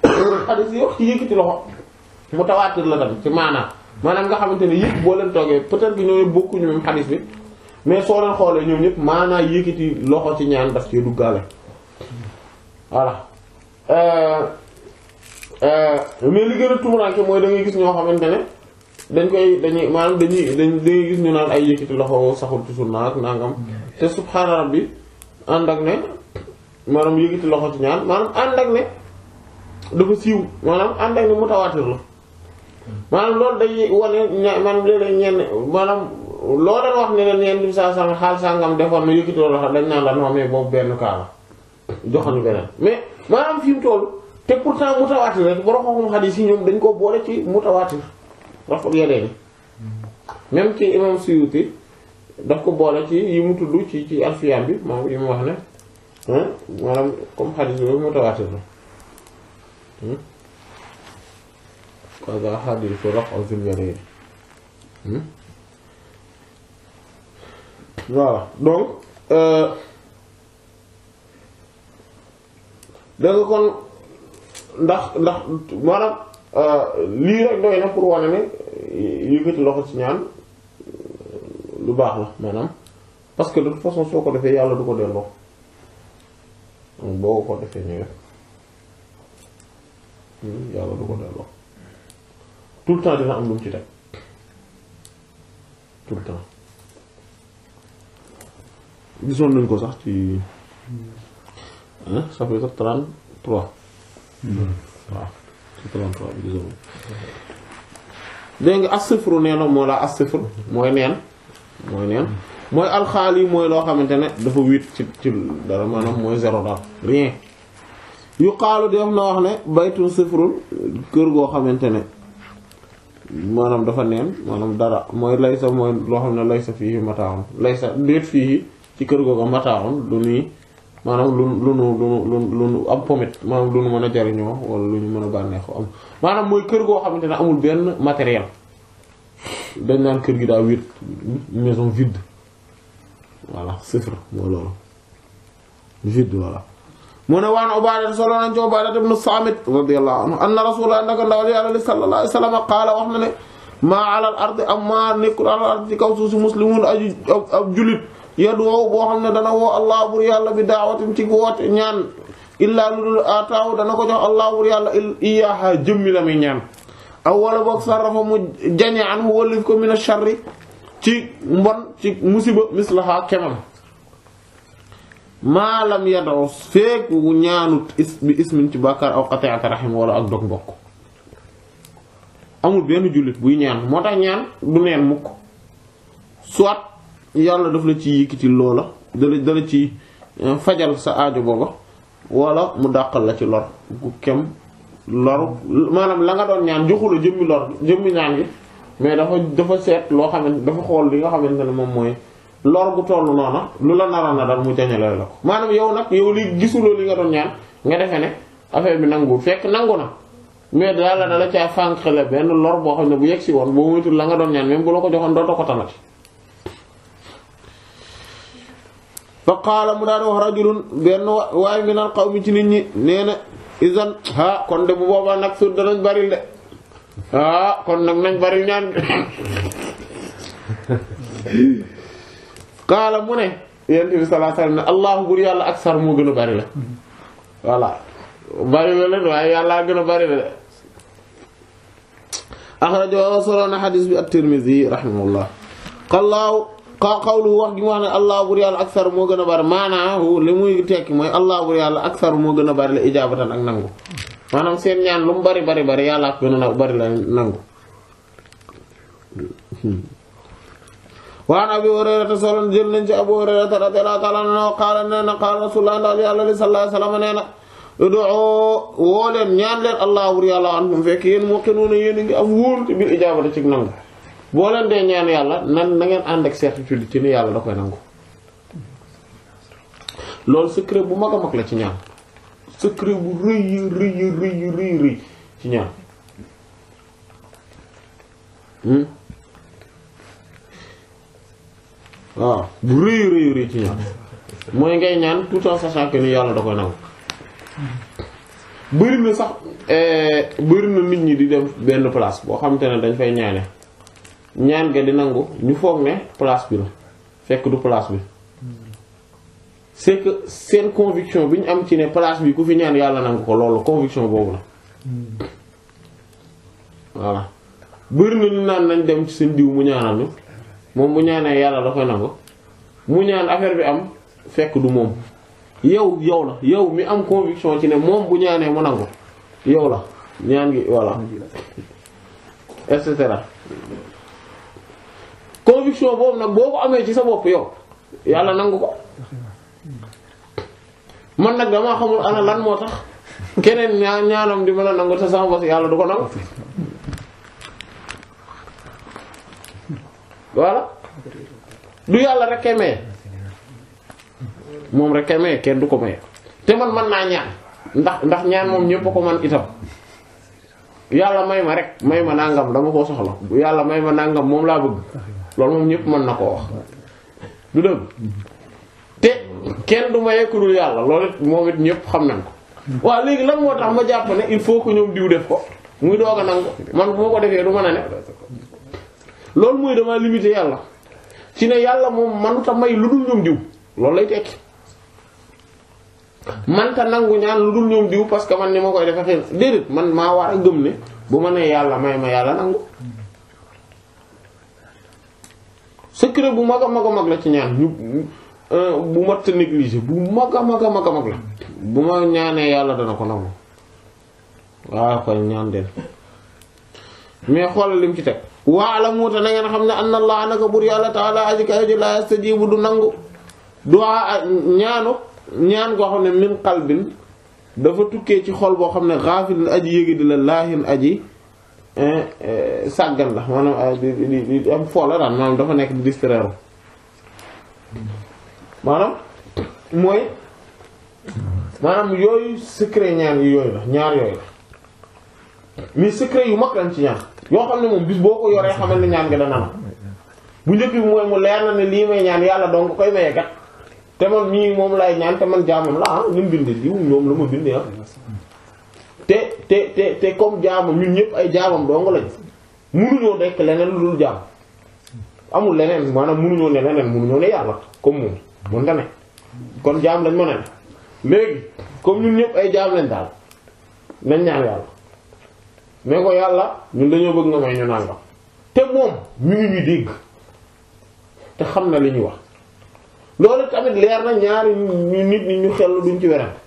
[COUGHS] xadis yi wax ci yëkkati maanaam nga xamante ne boo leen toogee peut-être que ñoo bokkuñu même xadis bi mais soo leen xoolee ñoom ñëpp maanaam yëkkati loxo ci ñaan daf cee duggaale voilà euh, euh, mais li gën a tumuraanke mooy da gis ñoo xamante ne dañ koy dañuy maanaam dañuy dañuy gis ñu naan ay yëkkati loxo saxul ci sunna ak nangam te subhaana bi ànd ak ne maanaam yëkkati loxo ci ñaan maanaam ànd ak ne dafa siiw maanaam ànd ak ne mutawaatir la loolu day wane maanaam léeg-léeg ñenn maanaam loo doon wax ne leen ñenn bi saa sànq xaal sàngam defoon na yëkkati loxo dañ naan la non mais boobu benn kaa la joxoon beneen mais maanaam fi mu toll te pourtant mutawaatir rek borom xam-xam xadiis yi ñoom dañ ko boole ci mutawaatir raful yadayni même ci imam Suyuti daf ko boole ci yi mu tudd ci ci alfiyaam bi moom yi mu wax ne maanaam comme xadis bi mutawaatir la kaga hmm? xadisu raf'u zul hmm? donc euh, da kon ndax ndax maanaam li rek doy na pour wane ne yëkkati loxo ci ñaan lu baax la manam parce que de toute façon soko defé yalla yàlla du ko delloo boo ko defee ñëwee hmm, yàlla du ko delloo tout le temps dina am lu ci tek tout le temps gisoon nañ ko sax ci ça peut être 33 33 bi disons dégg nga asifru nee na moo laa asifru mooy neen mooy neen mooy alxaal mooy loo xamante ne dafa wit ci ci dara maanaam mooy zéro daal rien yu xaalu def na wax ne baytun sifrul kër goo xamante ne maanaam dafa neen maanaam dara mooy laysa mooy loo xam ne laysa fii mataa am laysa déet fii ci kër googa mataa am du nii manam lu lu nu lu lu am pomit manam lu nu mën a wala lu ñu mën a am manam moy kër go xamante ne amul ben matériel dañ nan kër gi da wéet maison vide voilà sifra mo loolu vide voilà mu ne waan Ubaada solo nañ ci Ubaada ibn samit radiyallahu anhu anna rasulallahi naka ndawal yàlla sallallahu alayhi wa sallam qaala wax na ne maa alal ardi am maa nekkul alal ardi ci kaw suuf muslimun aju yadu bo xamne dana wo allah bur yalla bi daawatin ci woote ñaan illa lul ataw dana ko jox allah bur yalla iyaha jëmmi lamay ñaan aw wala bok sarrafa mu jani an mu wolif ko min ci mbon ci musiba mislaha ma lam yadaw feek wu ñaanut is ismin ci bàkkaar aw qati'at rahim wala ak dog bok amul benn julit buy ñaan motax ñaan du neen mukk soit yàlla daf la ci yëkkati loola dala dala ci eh, fajal sa ajo booba wala mu dàqal la ci lor gu kem lor maanaam la nga doon ñaan joxu la jëmmi lor jëmmi ñaan gi mais dafa dafa seet loo xamante dafa xool li nga xamante ne moom mooy lor gu toll noona lu la naroon na dal mu jañale la maanaam yow nag yow li gisuloo li nga doon ñaan defee ne affaire bi nanguwul fekk nangu na mais daal la dala caa fànqale benn lor boo xam ne bu yegg si woon boo moytul la nga doon ñaan même bu la ko joxoon dootoo ko ci fa qaala mu daan wax rajulun benn waaye min xaw mi ci nit ñi nee na izan kon de bu boobaa nag su danañ baril de ah kon nag nañ baril ñaan qaala mu ne yonent bi sallallahu alayhi wasallam allahu bur yàlla aksar moo gën a bari la waaye yàlla gën a bari la de axrajo soloona xadiis bi at-Tirmidhi rahimahullah qallaaw xawlu wax gi wax ne allah moo gën a bari maanaahu li mooy allah bur yàlla moo gën a bari la ijaabatan ak nangu maanaam seen ñaan lu bari bari bari yàlla ak gën a bari la nangu waan abi hurayrata solon jël nañ na qaala rasulullah ndaw yàlla li sallallahu alayhi wasallam nee na udoo woo leen ñaan leen allah bur yàlla anhum fekk yéen muqinuuna yéen ngi am wóor ci biir ijaabata ci nangu boo leen dee ñaan yàlla nan na ngeen ànd ak certitude ci yàlla da koy nangu loolu bu mag ci ñaan secret bu rëy ci ñaan hmm? waaw bu ngay ñaan tout en sachant ni yàlla da koy nangu bëri na sax eh, bëri na nit ñi di dem benn place boo xamante ne dañ fay ñaane ñaan ga di nangu ñu foog ne place bi la fekk du place bi c'est que seen conviction bi ñu am ci ne place bi ku fi ñaan yàlla nangu ko loolu conviction boobu la voilà bëri na naan nañ dem ci seen diw mu ñaanal ñu moom mu ñaanee yàlla da koy nangu mu ñaan affaire bi am fekk du moom yow yow la yow mi am conviction ci ne moom bu ñaanee mu nangu yow la ñaan gi et cetera conviction boobu nag boo ko amee ci sa bopp yow yàlla nangu ko man nag damaa xamul ana lan moo tax keneen ñaa ñaanam di mën a nangu te sama bopp yàlla du ko nangu voilà yàlla rek kay maye moom rek kay maye kenn du ko maye te man man naa ñaan ndax ndax ñaan moom ñépp a ko man itam yàlla may ma rek may ma nangam dama koo soxla yàlla may ma nangam moom laa bëgg loolu moom ñëpp mën na koo wax du dëgg te kenn du maye ku dul yàlla loolu moom it ñëpp xam nañ ko waaw léegi lan moo tax ma jàpp ne il faut que ñoom diw def ko muy doog a nangu man bu ma ko defee du mën a ne loolu mooy dama limité yàlla ci ne yàlla moom manuta may lu dul ñoom diw loolu lay tekki manta nangu ñaan lu dul ñoom diw parce que man ni ma koy defee xëy déedéet man maa war a gëm ne bu ma nee yàlla may ma yàlla nangu secret bu mag a mag a mag la ci ñaan euh, bu mat a négligé bu mag a mag a mag la bu ma ñaanee yàlla dana ko nangu waaw koy ñaan den mais xoolal lim ci teg waalamu te na ngeen xam ne anna allah naka bur yàlla taala aji kaay ji laa yastajibu du nangu du'a ñaanu ñaan goo xam ne min qalbin dafa tukkee ci xol boo xam ne xaafilin aji yéegi di la laahin aji Eh, eh, sàggan la maanaam ah, di di am foola daan maanaam dafa nekk di distraire maanaam mooy maanaam yooyu secret ñaar yi yooyu la ñaar yooyu la mais secret yu mag lañ ci ñaar yoo xam ne moom bis boo ko yoree xamal ne ñaan nga dana am bu njëkk bi mooy mu leer na ne lii may ñaan yàlla donc koy maye kat te man mii moom lay ñaan te man jaamam la ah ñu bind lii moom la ma bind ah te te te te comme jaamu ñun ñëpp ay jaamam dong lañ munuñoo nekk leneen lu dul jaam amul leneen maanaam munuñoo ne leneen munuñoo ne yàlla comme moom mun kon jaam lañ mën a ne léegi comme ay jaam lañ daal nañ ñaan yàlla ne yàlla ñu nangam te moom mi ngi ñu dégg te xam na li ñuy wax loolu tamit leer na ñaari ñu nit ñi ñu xel duñ ci werante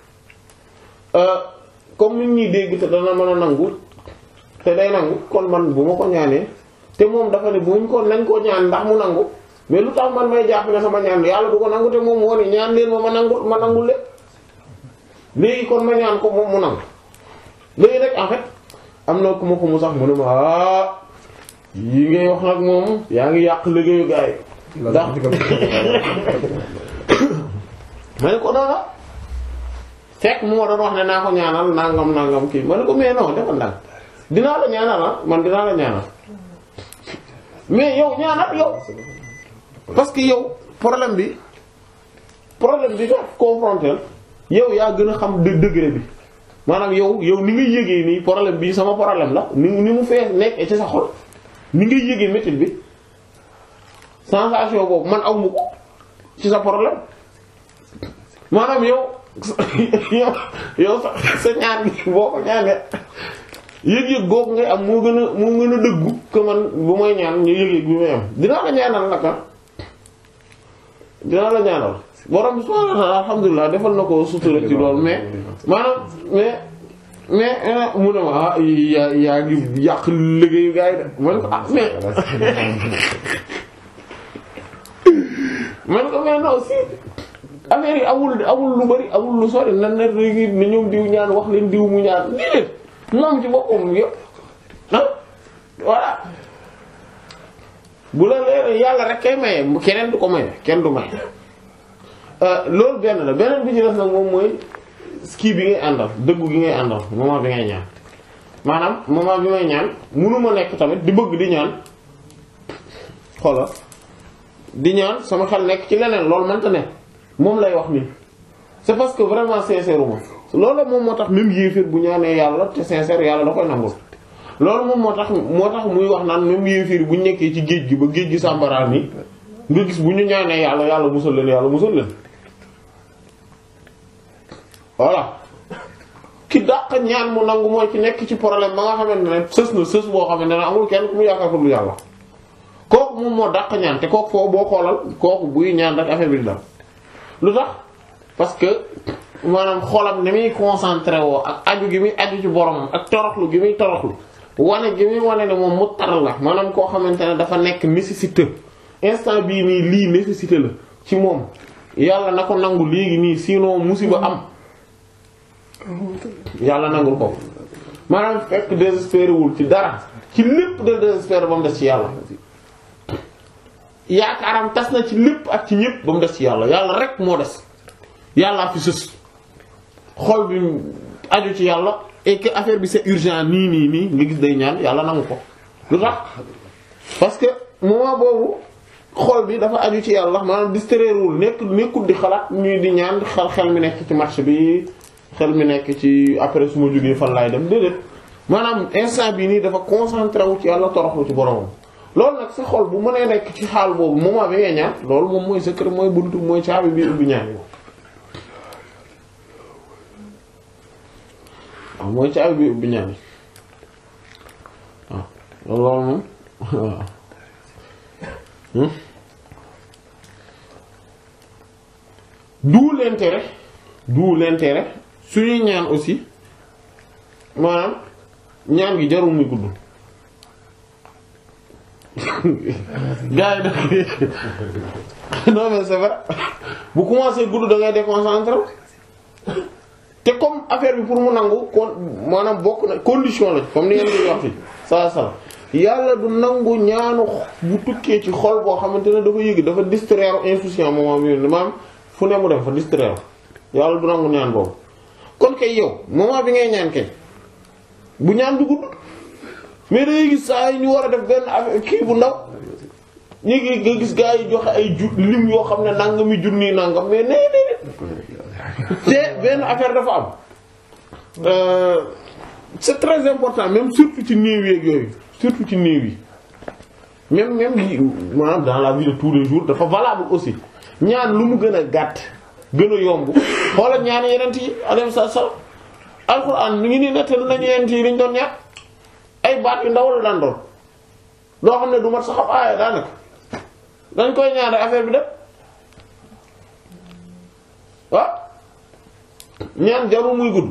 euh, comme nit ñuy dégg te dana mën a nangu te day nangu kon man bu ma ko ñaanee te moom dafa ne buñ ko nañ ko ñaan ndax mu nangu mais lu tax man may jàpp ne sama ñaan yàlla du ko nangu te moom moo ne ñaan leen ma ma nangu ma nangu lépp ko moom mu nangu léegi nag en fait am na ku ma ko sax mu ne ma ah yi ngay wax nag moom yaa ngi yàq liggéeyu gars ndax ma ko noonu fekk mu ma wax ne naa ko ñaanal nangam nangam kii ma ne ko mais defal ndànk dinaa la ñaanal ah. man dinaa la ñaanal mais yow ñaanal yow parce que yow problème bi problème bi nga confronté yow yaa gën a xam degré bi maanaam yow yow ni ngay yëgee nii problème bi sama problème la ni ni mu fee nekk ci sa xol ni ngay yëgee métit bi sensation boobu man aw mu ko ci sa problème maanaam yow. [LAUGHS] yow sa ñaan boo ko ñaanee yëg-yëg googu ngay am moo gën a moo gën a dëggu que man bu may ñaan ñu yëg-yëg bi may am dinaa la ñaanal naka ah. dinaa la ñaanal borom subhaanahu wa ta'aala alhamdulilah defal na ko sutura ci loolu mais man mais man eh, ah, ah, [LAUGHS] ko mais non si affaire yi awul awul lu bari awul lu sori nan la léegi ni ñoom diw ñaan wax leen diw mu ñaan lii leen moom ci boppam yo ah bu la leer yàlla rek kay maye keneen du ko du euh, la bi ci def ski bi ngay andal dëggu gi ngay andal moment bi ngay ñaan manam moment bi may ñaan mënuma nek tamit di bëgg di ñaan di ñaan sama xel nek ci leneen man ta nek moom lay wax nii c'est parce que vraiment sincèrement loolu moom moo tax même yéefir bu ñaanee yàlla te sincère yàlla da koy nangul loolu moom moo tax moo tax muy wax naan même yéefir bu nekkee ci géej gi ba géej gi sàmbaraan yi nga gis bu ñu ñaanee yàlla yàlla musal leen yàlla musal leen voilà ki dàq ñaan mu nangu mooy ci nekk ci problème ba nga xamante ne sës na sës boo xamante ne amul kenn ku mu yaakaar ko du yàlla kooku moom moo dàq ñaan te kooku foofu boo xoolal kooku buy ñaan rek affaire bi dal lu tax parce que maanaam xolam ni muy concentré woo ak aju gi muy aju ci boromam ak toroxlu gi muy toroxlu wane gi muy wane ne moom mu tar la maanaam koo xamante ne dafa nekk nécessité instant bii nii lii nécessité la ci moom yàlla na ko nangu léegi nii sinon musiba am yàlla nangul ko maanaam fekk désespéré wul ci dara ci lépp de désespéré ba des ci yàlla yaakaram tas na ci lepp ak ci ñepp ba dess yalla yalla rek mo dess yalla fi sus xol bi aju ci yalla et que affaire bi c'est urgent ni ni ni nga gis day ñaan yalla nang ko lu tax parce que moment bobu xol bi dafa aju ci yalla maanaam distraire nek nekk di xalat ñuy di ñaan xal xel mi nek ci marché bi xel mi nek ci après suma joggé fan dem dedet manam instant bi ni dafa concentré wu ci yalla toroxlu ci borom loolu nag sa xol bu mënee nekk ci xaal boobu moment bi ngay ñaan loolu moom mooy sa kër mooy buntu mooy caabi bi ubbi ñaan yi waaw ah, mooy caabi bi ubbi ñaan yi su ah, loolu moom waaw hmm? d'où l'intérêt d'où ñaan aussi maanaam ñaan gi jarul muy gudd [LAUGHS] gars yi da [LAUGHS] non mais c'est vrai bu commencé gudd da ngay déconcentré te comme affaire bi pour mu nangu kon maanaam bokk na condition la comme ni ngeen di wax fi saa saa yàlla du nangu ñaanu bu tukkee ci xol boo xamante ne dafa yëg dafa distraire insouciant moment bi maanaam fu ne mu dem fa distraire yàlla du nangu ñaan boobu kon kay yow moment bi ngay ñaan kay bu ñaan du gudd. mais dangay gis saa yi ñu war a def benn affaire kii bu ndaw ñu nga gis gars yi joxe ay ju lim yoo xam ne nangami junni nangam mais nee nañ te benn affaire dafa am. Euh, c'est très important même surtout ci néew yeeg yooyu surtout ci néew yi même même yi maanaam dans la vie de tous les jours dafa valable aussi ñaan lu mu gën a gàtt gën a yomb xoolal ñaan yeneen yi alayhi salaam alxuraan mi ngi nii nettal nañu yeneen yi liñ doon ñaan. ay baat yu ndaw la daan doon loo xam ne du mat sax ab aaya daanaka dañ koy ñaare affaire bi de waaw ñaan jarul muy gudd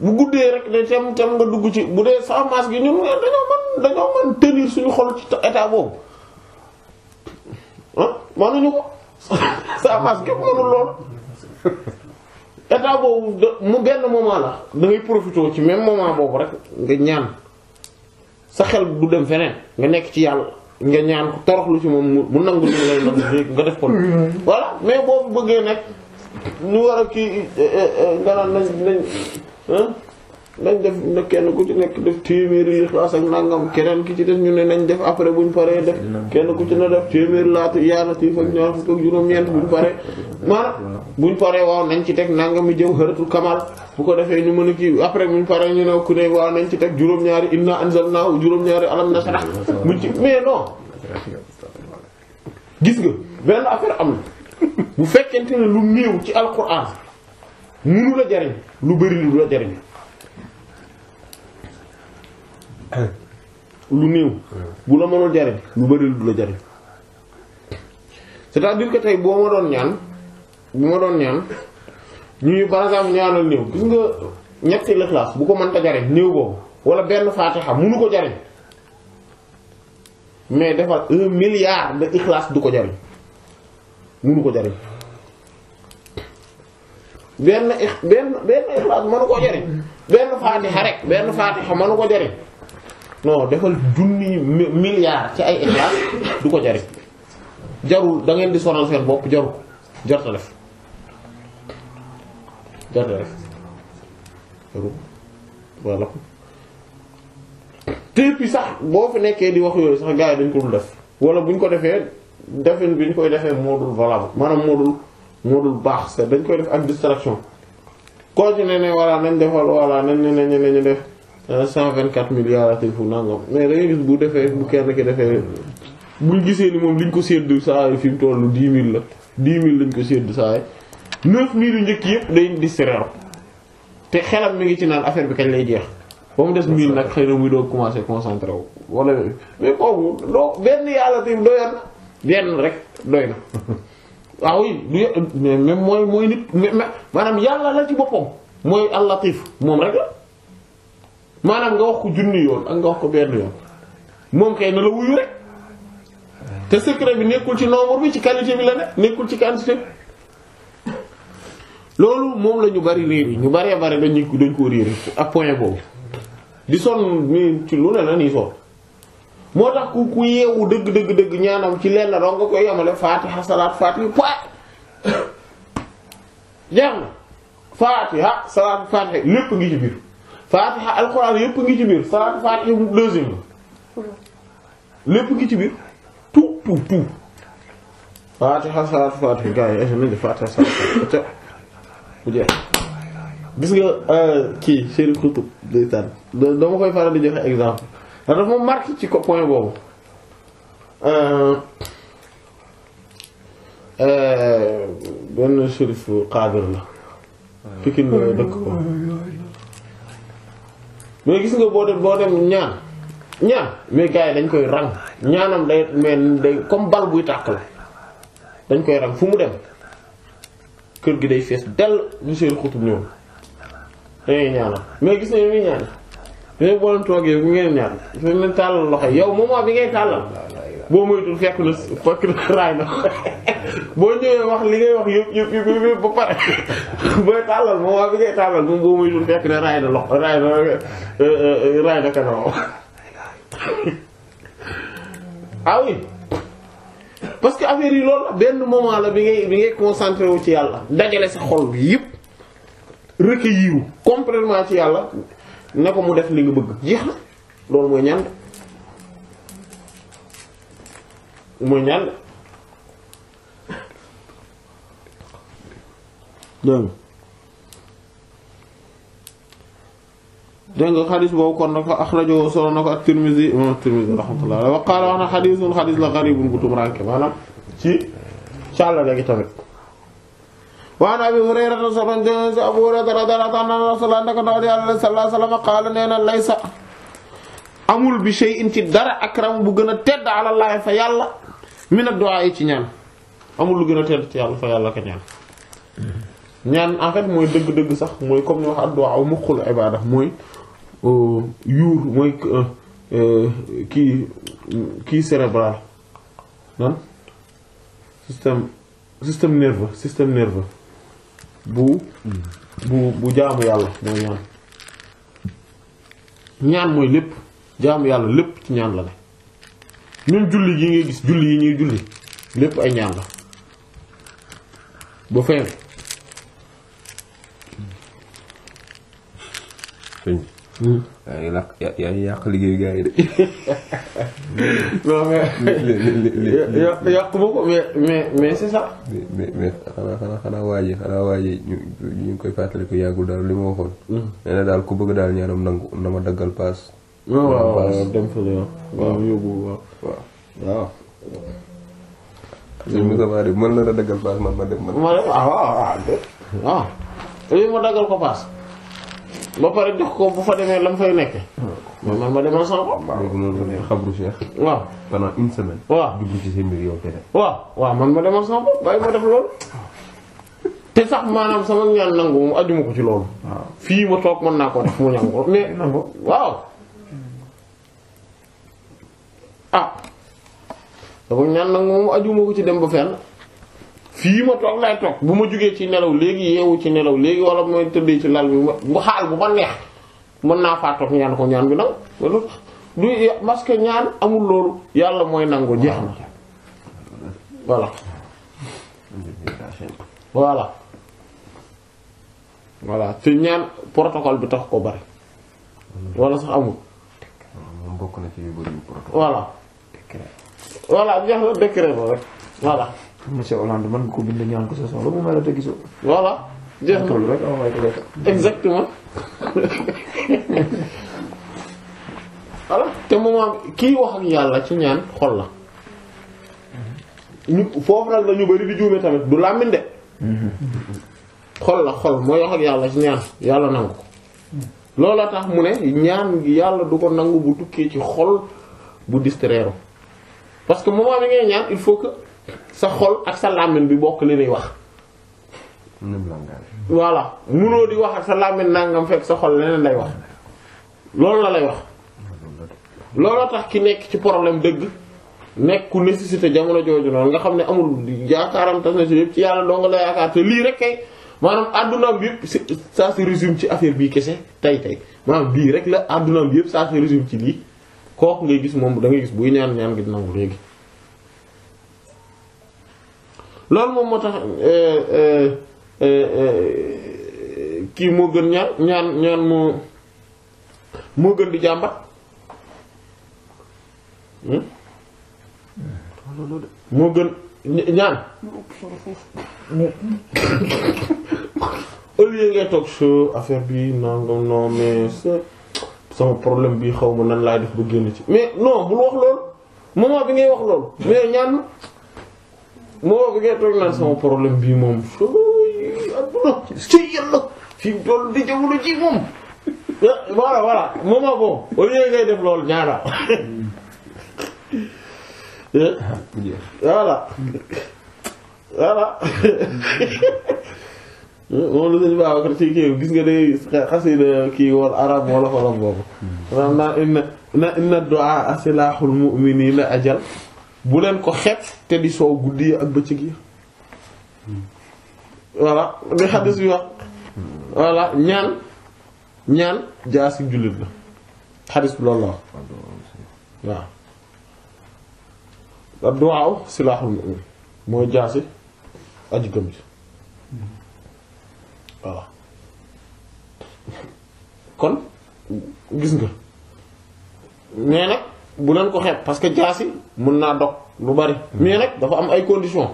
bu guddee rek ne tem tem nga dugg ci bu dee sa gi ñun dañoo mën dañoo mën tenir suñu xol ci état boobu ah mënuñu ko sa maas gépp mënul lool [LAUGHS] état boobu mu benn moment la da ngay profité ci même moment boobu rek nga ñaan sa xel du dem feneen nga nekk ci yàlla nga ñaan ko toroxlu ci moom mu nangu li lay nangu nga def ko. voilà mais boo bëggee nekk ñu war a kii eh, eh, eh, nga naan nañ nañ nañ def na kenn ku ci nekk def téeméeri Ixlaas ak nangam keneen ki ci def ñu ne nañ def après buñ paree def kenn ku ci na def téeméeri laatu yaa Latiif ak ñaar fukk ak juróom-ñeent buñ paree ma buñ paree waaw nañ ci teg nangam mi Jawharatul Kamal bu ko defee ñu mën a kii après ñu paree ñu ne ku ne waaw nañ ci teg juróom-ñaari inna anzalnaahu juróom-ñaari alam nashrah buñ ci mais non gis nga benn affaire am na bu fekkente ne lu néew ci alquran mënu la jariñ lu bari lu la lu néew bu la mënul jariñ lu bari du la jariñ c'est-à-dire tey boo ma doon ñaan bu ma doon ñaan ñuy par exemple ñaanal néew gis nga ñetti Ixlaas bu ko mënta jariñ néew boobu wala benn Faatiha munu ko jariñ mais du ko jariñ munu ko benn benn benn Ixlaas mënu ko jariñ benn Faatiha rek ko jariñ non defal junni milliard ci ay Ikhlas du ko jariñ jarul dangeen ngeen di sonal seen bopp jarul jarta def jarta def voilà te sax boo fi nekkee di wax yooyu sax gars yi dañ ko dul def wala bu ñu ko defee defin bi ñu koy defee moo dul valable maanaam moo dul moo baax sax dañ koy def ak distraction continuer ne voilà nañ defal voilà nañ ne nañ ne def Euh, cent vingt quatre milliards fu nangam mais da ngay gis bu defee bu kenn ki defee buñ gisee ni moom liñ ko séeddu saa yi fi mu tollu dix mille la dix mille lañ ko séeddu saa yi neuf mille yu njëkk yëpp day distraire te xelam mu ngi ci naan affaire bi kañ lay jeex ba mu des mille nag xëy na muy doo commencé concentré wu wala mais kooku doo benn yàlla tamit doyoon benn rek doy na [LAUGHS] ah mooy mooy nit maanaam yàlla la ci boppam mooy al-Latif moom rek la maanaam nga wax ko junni yoon ak nga wax ko benn yoon moom kay na la rek te secret bi nekkul ci nombre bi ci qualité bi la ne nekkul ci quantité bi loolu moom lañu ñu bari réer ñu baree bari dañu dañ koo réer ak point boobu di sonn mi ne la nii sonn moo tax ku ku yeewu dëgg dëgg dëgg ñaanam ci lenn doo nga koy yamale faatiha salaat faatiha paat [COUGHS] jeex na faatiha salaat faatiha lépp ngi ci biir faatiha alxuraan yépp ngi ci biir salaatu faatiha mu deuxième lépp ngi ci biir tout tout tout faatiha salaatu faatiha gars yi eh, nañ def faatiha nga euh, kii Serigne Koutou day dama koy faral di joxe exemple ndax dafa marqué ci point boobu euh, euh, benn Chérif Qadir la Pikine dëkk ko mais gis nga boo dem boo dem ñaan ñaan mais gars yi dañ koy rang ñaanam day mais day comme bal buy tàkk la dañ koy rang fu mu dem kër gi day fees dell monsieur xutub ñëw dangay ñaanal mais gis nañ muy ñaan mais boo leen toogee mu ngeen ñaan dañ leen tàllal loxo yow moment bi ngay tàllal boo moytuwul fekk na fekk na raay na boo ñëwee wax li ngay wax yëpp yëpp yëpp ba pare [LAUGHS] booy tàllal moom waa bi ngay tàllal moom boo moytuwul fekk na raay na lox raay na euh, euh, raay na [LAUGHS] ah parce que affaire yi loolu benn moment la bi ngay bi ngay concentré wu ci yàlla dajale sa xol bi yëpp recueillir complètement ci yàlla ne ko mu def li nga bëgg jeex na loolu mooy ñaan. muy ñan dégg dégg nga xadis boobu kon nag axrajo solo na ko ak Tirmizi imam Tirmizi rahmatullah wa qaala wax na xadisun xadis la garibun bu tumuraanke maanaam ci càlla léegi tamit waan abi Hurayrata solon jëge si Abu Hurayrata radiyallahu anhu Rasulullah ndako ndaw Yàlla sallallahu alayhi wa sallam qaala nee na laysa amul bi shay'in ci dara akram bu gën a tedd ala Allah fa yàlla mi nag du'a yi ci ñaan amul lu gën a tedd ci yàlla fa yàlla ka ñaan ñaan en mooy dëgg-dëgg sax mooy comme ni wax ad-du'a muxul ibaada mooy euh, yuur mooy euh, euh, kii kii cérébral nan système système nerveux système nerveux bu bu bu jaamu yàlla mooy ñaan ñaan mooy lépp jaamu yàlla lépp ci ñaan la ne ñun julli gi ngay gis julli yi ñuy julli lepp ay ñaan la bu feen feen ay la ya ya yàq liggéeyu gars yi de. [LAUGHS] non mais. [LAUGHS] ya ya ko mais mais mais c'est ça. mais mais xana xana xana waji xana waji ñu ñu ngi koy waaw waaw dem fële waaw yóbbu waaw waaw. sëñ Moussa Fadi mën na la daggal paas man ma dem man. ma dem ah waaw waaw ah. ah. ma daggal ko paas. ba pare jox ko bu fa demee la mu fay nekk. mais man ma demal sama bopp. léegi noonu la ne xabru Cheikh. waaw pendant une semaine. waaw dugg ci seen mbir yow te de. waaw waaw man ma demal sama bopp bàyyi ma def loolu. te sax maanaam sama ñaan nangu moom aju ma ko ci loolu. waaw fii ma toog mën naa ko def mu ñaan ko mais nangu waaw. sama ñaan nag moom ajuma ko ci dem ba fenn fii ma toog lay toog bu ma jugee ci nelaw léegi yeewu ci nelaw léegi wala mooy tëddee ci lal bi ma xaal bu ma neex mën naa faa toog ñaan ko ñaan bi nag du parce que ñaan amul loolu yàlla mooy nangu jeex na voilà voilà voilà te ñaan protocole bi tax ko bari walla sax amul. moom na voilà jeex na décret ba rek voilà. monsieur Hollande mën nga ko bind ñaan ko sa soxla bu may la te gisoo. voilà jeex na exactement. voilà te moment kii wax ak yàlla ci ñaan xol la. ñu foofu nag la ñu bari di juume tamit du làmmiñ de. xol la xol mooy wax yàlla ci ñaan yàlla nangu ko. looloo tax mu ne ñaan yàlla du ko nangu bu tukkee ci xol bu distraire. parce que moment bi ngay ñaan il faut que sa xol ak sa làmmiñ bi bokk li lay wax. voilà munoo di wax ak sa làmmiñ nangam fekk sa xol leneen lay wax loolu la lay wax. looloo tax ki nekk ci problème dëgg nekk ku nécessité jamono jooju noonu nga xam ne amul yaakaaram tas na si yëpp ci yàlla doo nga la yaakaar te lii rek kay maanaam àddunaam bi yëpp ça se résume ci affaire bii kese tey tey maanaam lii rek la àddunaam bi yëpp ça se résume ci lii. kooku ngay gis moom da ngay gis buy ñaan ñaan gi nangu léegi loolu moom moo tax euh, euh, euh, kii moo gën ñaan ñaan moo moo gën di jàmbat hmm? moo gën ñaan au lieu ngay toog affaire bi nangam non sama problème bii xaw ma nan laa def ba génn ci mais non bul wax loolu moment bi ngay wax loolu mais ñaan ma moment bi ngay toog naan sama problème bii moom adduna ci yàlla fi dool di jawlu ci moom [LAUGHS] eh, voilà voilà moment bon au lieu ngay def lool ñaana [LAUGHS] eh, ah, voilà voilà [LAUGHS] moom la sëñ Babacar ci kii gis nga day xasida kii wal arab wala xolam boobu naa inna na inna du'a silahul mu'minina ajal bu leen ko xeeb te di soow guddi yi ak bëccëg yi voilà li xadis bi wax voilà ñaan ñaan jaasi jullit la xadis bi loolu la wax waaw ad du'a mooy jaasi aji gëm ji voilà [LAUGHS] kon gis nga mais nag bu leen ko xeeb parce que jaasi mën naa dog lu bari mais nag dafa am ay condition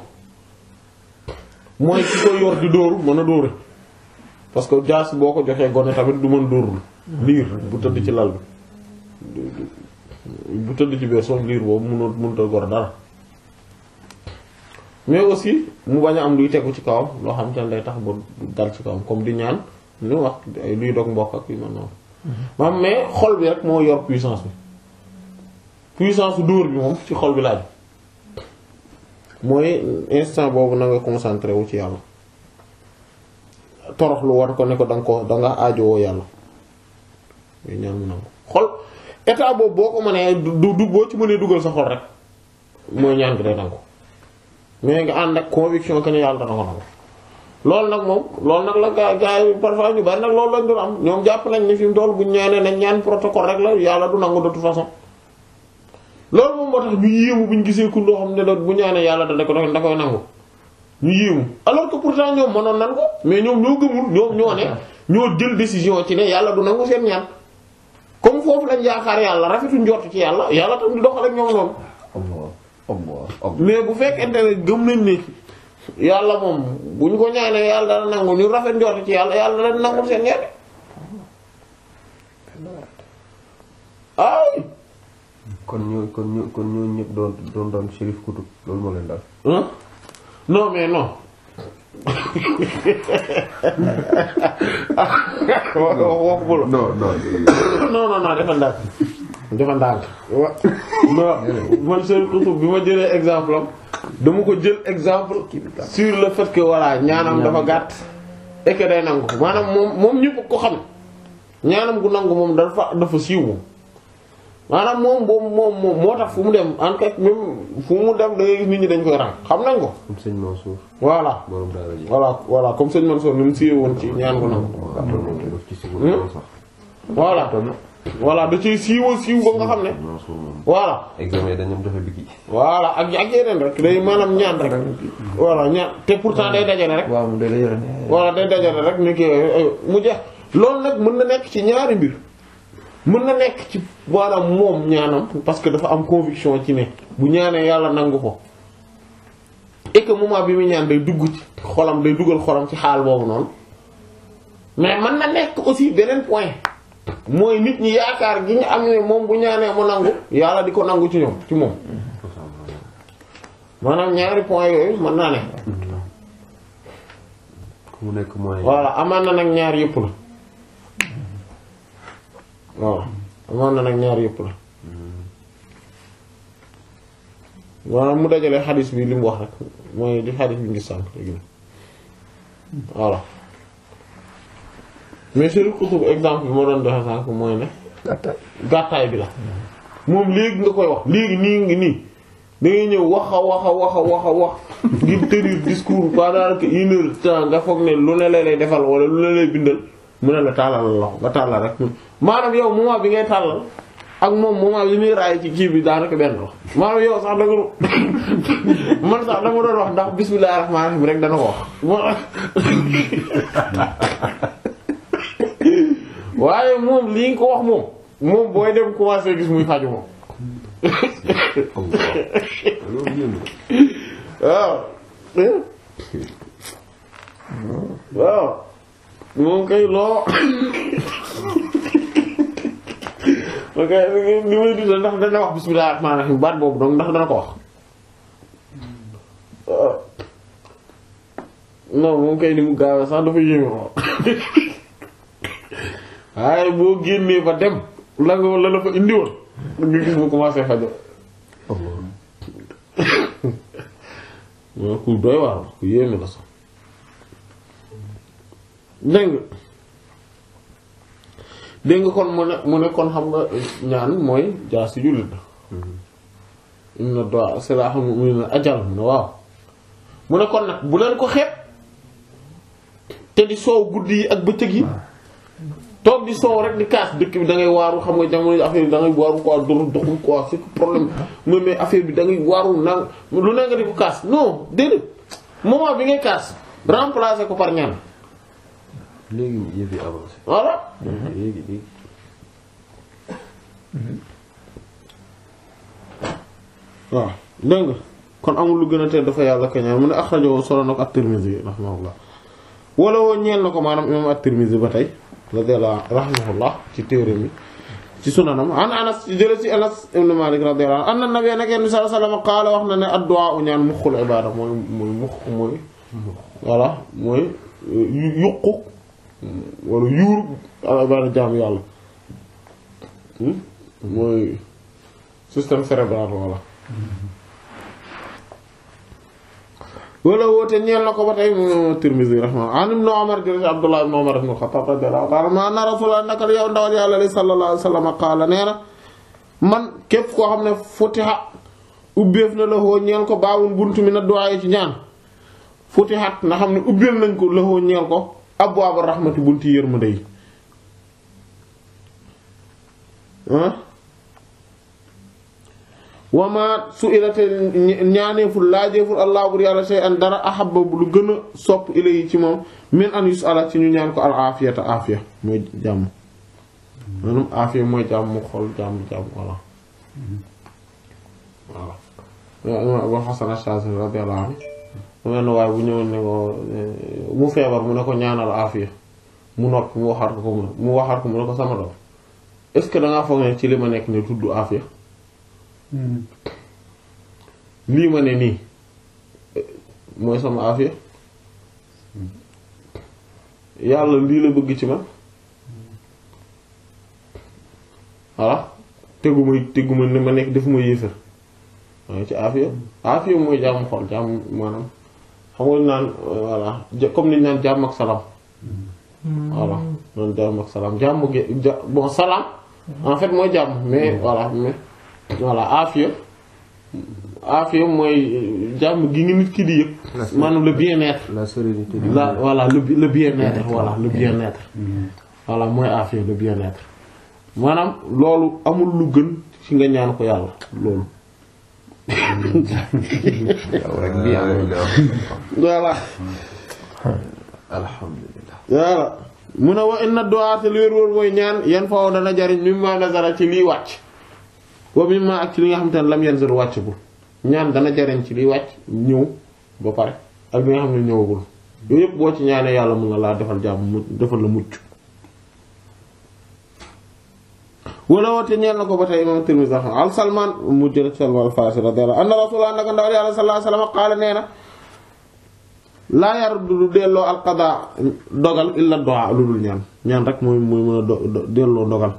mooy ki ko yor di dóoru mën a dóore parce que jaasi boo ko joxee gone tamit du mën dóorul liir bu tëdd ci lal bi bu tëdd ci beer soog liir boobu mënut mënut a dara mais aussi mu bañ a am luy tegu ci kawam loo xam te ne day tax ba dal ci kawam comme di ñaan lu wax luy dog mbokk ak yu mel noonu. maanaam mais xol bi rek moo yor puissance bi puissance su dóor bi moom ci xol bi laaj mooy instant boobu na nga wu ci yàlla torox lu war ko ne ko da nga ko da nga yàlla ñaan mu nangu xol état boobu boo ko mënee du du boo ci mënee dugal sa xol rek mooy ñaan bi day nangu. mais nga ànd ak conviction que yàlla dana ko nangu loolu nag moom loolu nag la gaa gaa yi parfois ñu bari nag loolu lañ doon am ñoom jàpp nañ ni fi mu toll bu ñaanee nañ ñaan protocole rek la yàlla du nangu de toute façon. loolu moom moo ñu yéemu bu ñu gisee ku loo xam ne bu ñaanee yàlla da ko da koy nangu ñu yéemu alors que pourtant ñoom mënoon nan ko mais ñoom ñoo gëmul ñoom ñoo ne ñoo jël décision ci ne yàlla du nangu seen ñaan comme foofu lañ yaakaar yàlla rafetu njort ci yàlla yàlla tam di doxal ak ñoom noonu. mais bu fekkente ne gëm nañ ne yàlla moom bu ñu ko ñaanee yàlla dana nangu ñu rafet njort ci yàlla yàlla dana nangu seen ñaan ay kon ñoo kon ñoo kon ñoo ñëpp doon doon doon Chérif Koutou loolu moo leen daal non mais non non non non defal daal dafa ndànk wa man seen xutub bi ma jëlee exemple dama ko jël exemple sur le fait que voilà ñaanam dafa gàtt et que day nangu maanaam moom moom ñëpp ko xam ñaanam gu nangu moom dafa dafa siiw moom maanaam moom boobu moom moom moo tax fu mu dem en mu dem da ngay ñi dañ koy rang xam nañ ko. comme sëñ Mansour. voilà voilà voilà comme sëñ Mansour ni mu woon ci ñaan gu nangu. voilà. voilà da ci siiwa siiw ba nga xam ne. voilà. examen dañu dafa biki. voilà ak ak yeneen rek day maanaam ñaan rek. voilà ñaan te pourtant day dajale rek. waaw day dajale. rek ni mu jeex lool nag mën na nekk ci ñaari mbir mën na nekk ci maanaam moom ñaanam parce que dafa am conviction ci ne bu ñaanee yàlla nangu ko et que bi mu ñaan day dugg ci xolam day dugal xolam ci xaal boobu noonu mais mën na nekk aussi beneen point. mooy nit ñi yaakaar gi ñu am na moom bu ñaanee mu nangu yàlla di ko nangu ci ñoom ci moom maanaam ñaari point yooyu mën naa ne mu nekk mooy voilà na nag ñaar yëpp la waaw na nag ñaar yëpp mu dajale xadis bi li mu wax rek mooy di xadis bi ngi sànq léegi voilà mais Serigne exemple bi ma doon joxe sànq mooy ne. gàttaay gàttaay bi la. moom léegi nga koy wax léegi nii ngi nii da ngay ñëw wax a wax a wax a wax a wax ngir tenir discours pendant une heure temps nga foog ne lu ne la lay defal wala lu ne lay bindal mu ne la tàllal la loxo nga tàllal rek maanaam yow moment bi ngay tàllal ak moom moment bi muy raay ci kii bi daanaka benn la maanaam yow sax da nga doon [LAUGHS] wax ndax bismillahir rahmanir rahim rek dana ko wax. waaye moom lii nga ko wax moom moom booy dem commencé gis muy faju moom waaw waaw moom kay loo boobu donc ndax dana ko wax non moom kay ni mu gaawe sax dafa yéeme ko waaye boo génnee ba dem la nga la la fa indiwoon mu commencé fajo mu ne kon xam nga ñaan mooy jaa si jullit la im na doi silaaxul mu'minina ajal mu ne waaw mu ne kon nag bu ko xeeb te di soow guddi yi ak bëccëg yi di sow rek di kaas dëkk bi da ngay waru xam nga jamono affaire da ngay waru quoi dur dox quoi c'est problème mais mais affaire bi da ngay waru nang lu na nga di ko kaas non déedéet moment bi ngay kaas remplacer ko par ñaan. léegi yëf yi avancé. voilà. léegi léegi. wa dégg kon amul lu gëna a teel dafa yàlla kañaan mu ne axrajahu solo nak at-Tirmidhi rahmalahu wala wo ñel nako manam imam at-Tirmidhi batay radiyallahu rahimahullah ci téere mi ci sunanam an anas jële ci anas ibn malik radiyallahu anhu anna nabiyya nak yenn sallallahu alayhi wasallam qaala wax na ne addu'a u ñaan muxul ibaada mooy mooy mux mooy voilà mooy yuqu wala yuur ibaada jaamu yàlla hmm? mooy système cérébral voilà wala woote ñeel na ko ba tey mu Tirmidhi rahma an ibn Umar jël Abdullah ibn Umar ibn Khattab radiyallahu ta'ala ma anna qaala nee na man képp koo xam ne futiha ubbeef na lahoo ñeel ko baawun bunt mi na duwaay ci ñaan futihat nga xam ne ubbeel nañ ko lahoo ñeel ko abwaabu rahmati bunti yërmande yi wama su ilate ñaaneeful laajeeful allah bur yàlla sey an dara ahabba lu gën a sopp ila yi ci moom min an yus ala ci ñu ñaan ko al aafiya te aafiya mooy jàmm maanaam aafiya mooy xol jàmm jàmm walla waaw bu ñëwoon ko mu mu ne ko ñaanal aafiya mu noppi mu waxaat ko mu waxaat ko mu ne ko sama doom est-ce que dangaa foog ne ci li ma nekk ne tudd aafiya Hmm. lii ma ne nii mooy sama affaire yàlla lii la bëgg ci man voilà tegu ma tegu ma ne ma nekk ma yéefar ci affaire affaire mooy jàmm xol jàmm maanaam xam naan voilà comme niñ naan jàmm ak salaam. Hmm. voilà naan jàmm ak salaam jàmm ge ja bon salaam. Hmm. en fait mooy jàmm mais voilà mais. voilà aafiya aafiya mooy jàmm gi ngi nit ki di yëpp maanaam le bien-être la le bien-être voilà le bien-être mm-hmm. voilà mooy aafiya le bien-être maanaam loolu amul lu gën ci nga ñaan ko yàlla loolu voilà alhamdulillah voilà mun a wa inna du'a wér wér mooy ñaan yan faw dana jariñ mi ma nazara ci lii wàcc wa mimma ak ci li nga xamante ne lam yanzil wàccagul ñaan dana jariñ ci liy wàcc ñëw ba pare ak li nga ñëwagul yooyu ci ñaanee yàlla mun na laa defal jàmm mu defal la mucc wala woote ñeel na ko ba tey imam Tirmidhi al Salman mu jël Salman al Farisi radiyallahu anhu rasulullah naka ndawal yàlla sallallahu alayhi wasallam qaala nee na laa yardu du delloo al dogal illa du'a lu dul ñaan ñaan rek mooy mooy mën a delloo dogal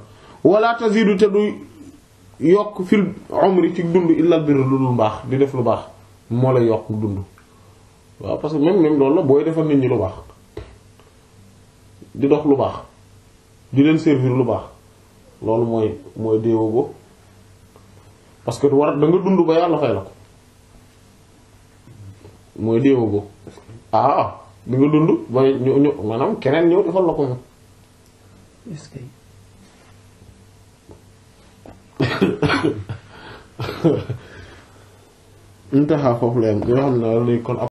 wala tazidu te du yokk fil umri ci dund illal birr lu dul baax di def lu baax moo lay yokk dund waaw parce que même même loolu la booy defal nit ñi lu baax di dox lu baax di leen servir lu baax loolu mooy mooy déewoo ko parce que war da nga dund ba yàlla fay la ko mooy déewoo ko ah da dund ba ñu ñu maanaam keneen ñëw defal la ko moom intaha foofu la yam nga xam ne lay kon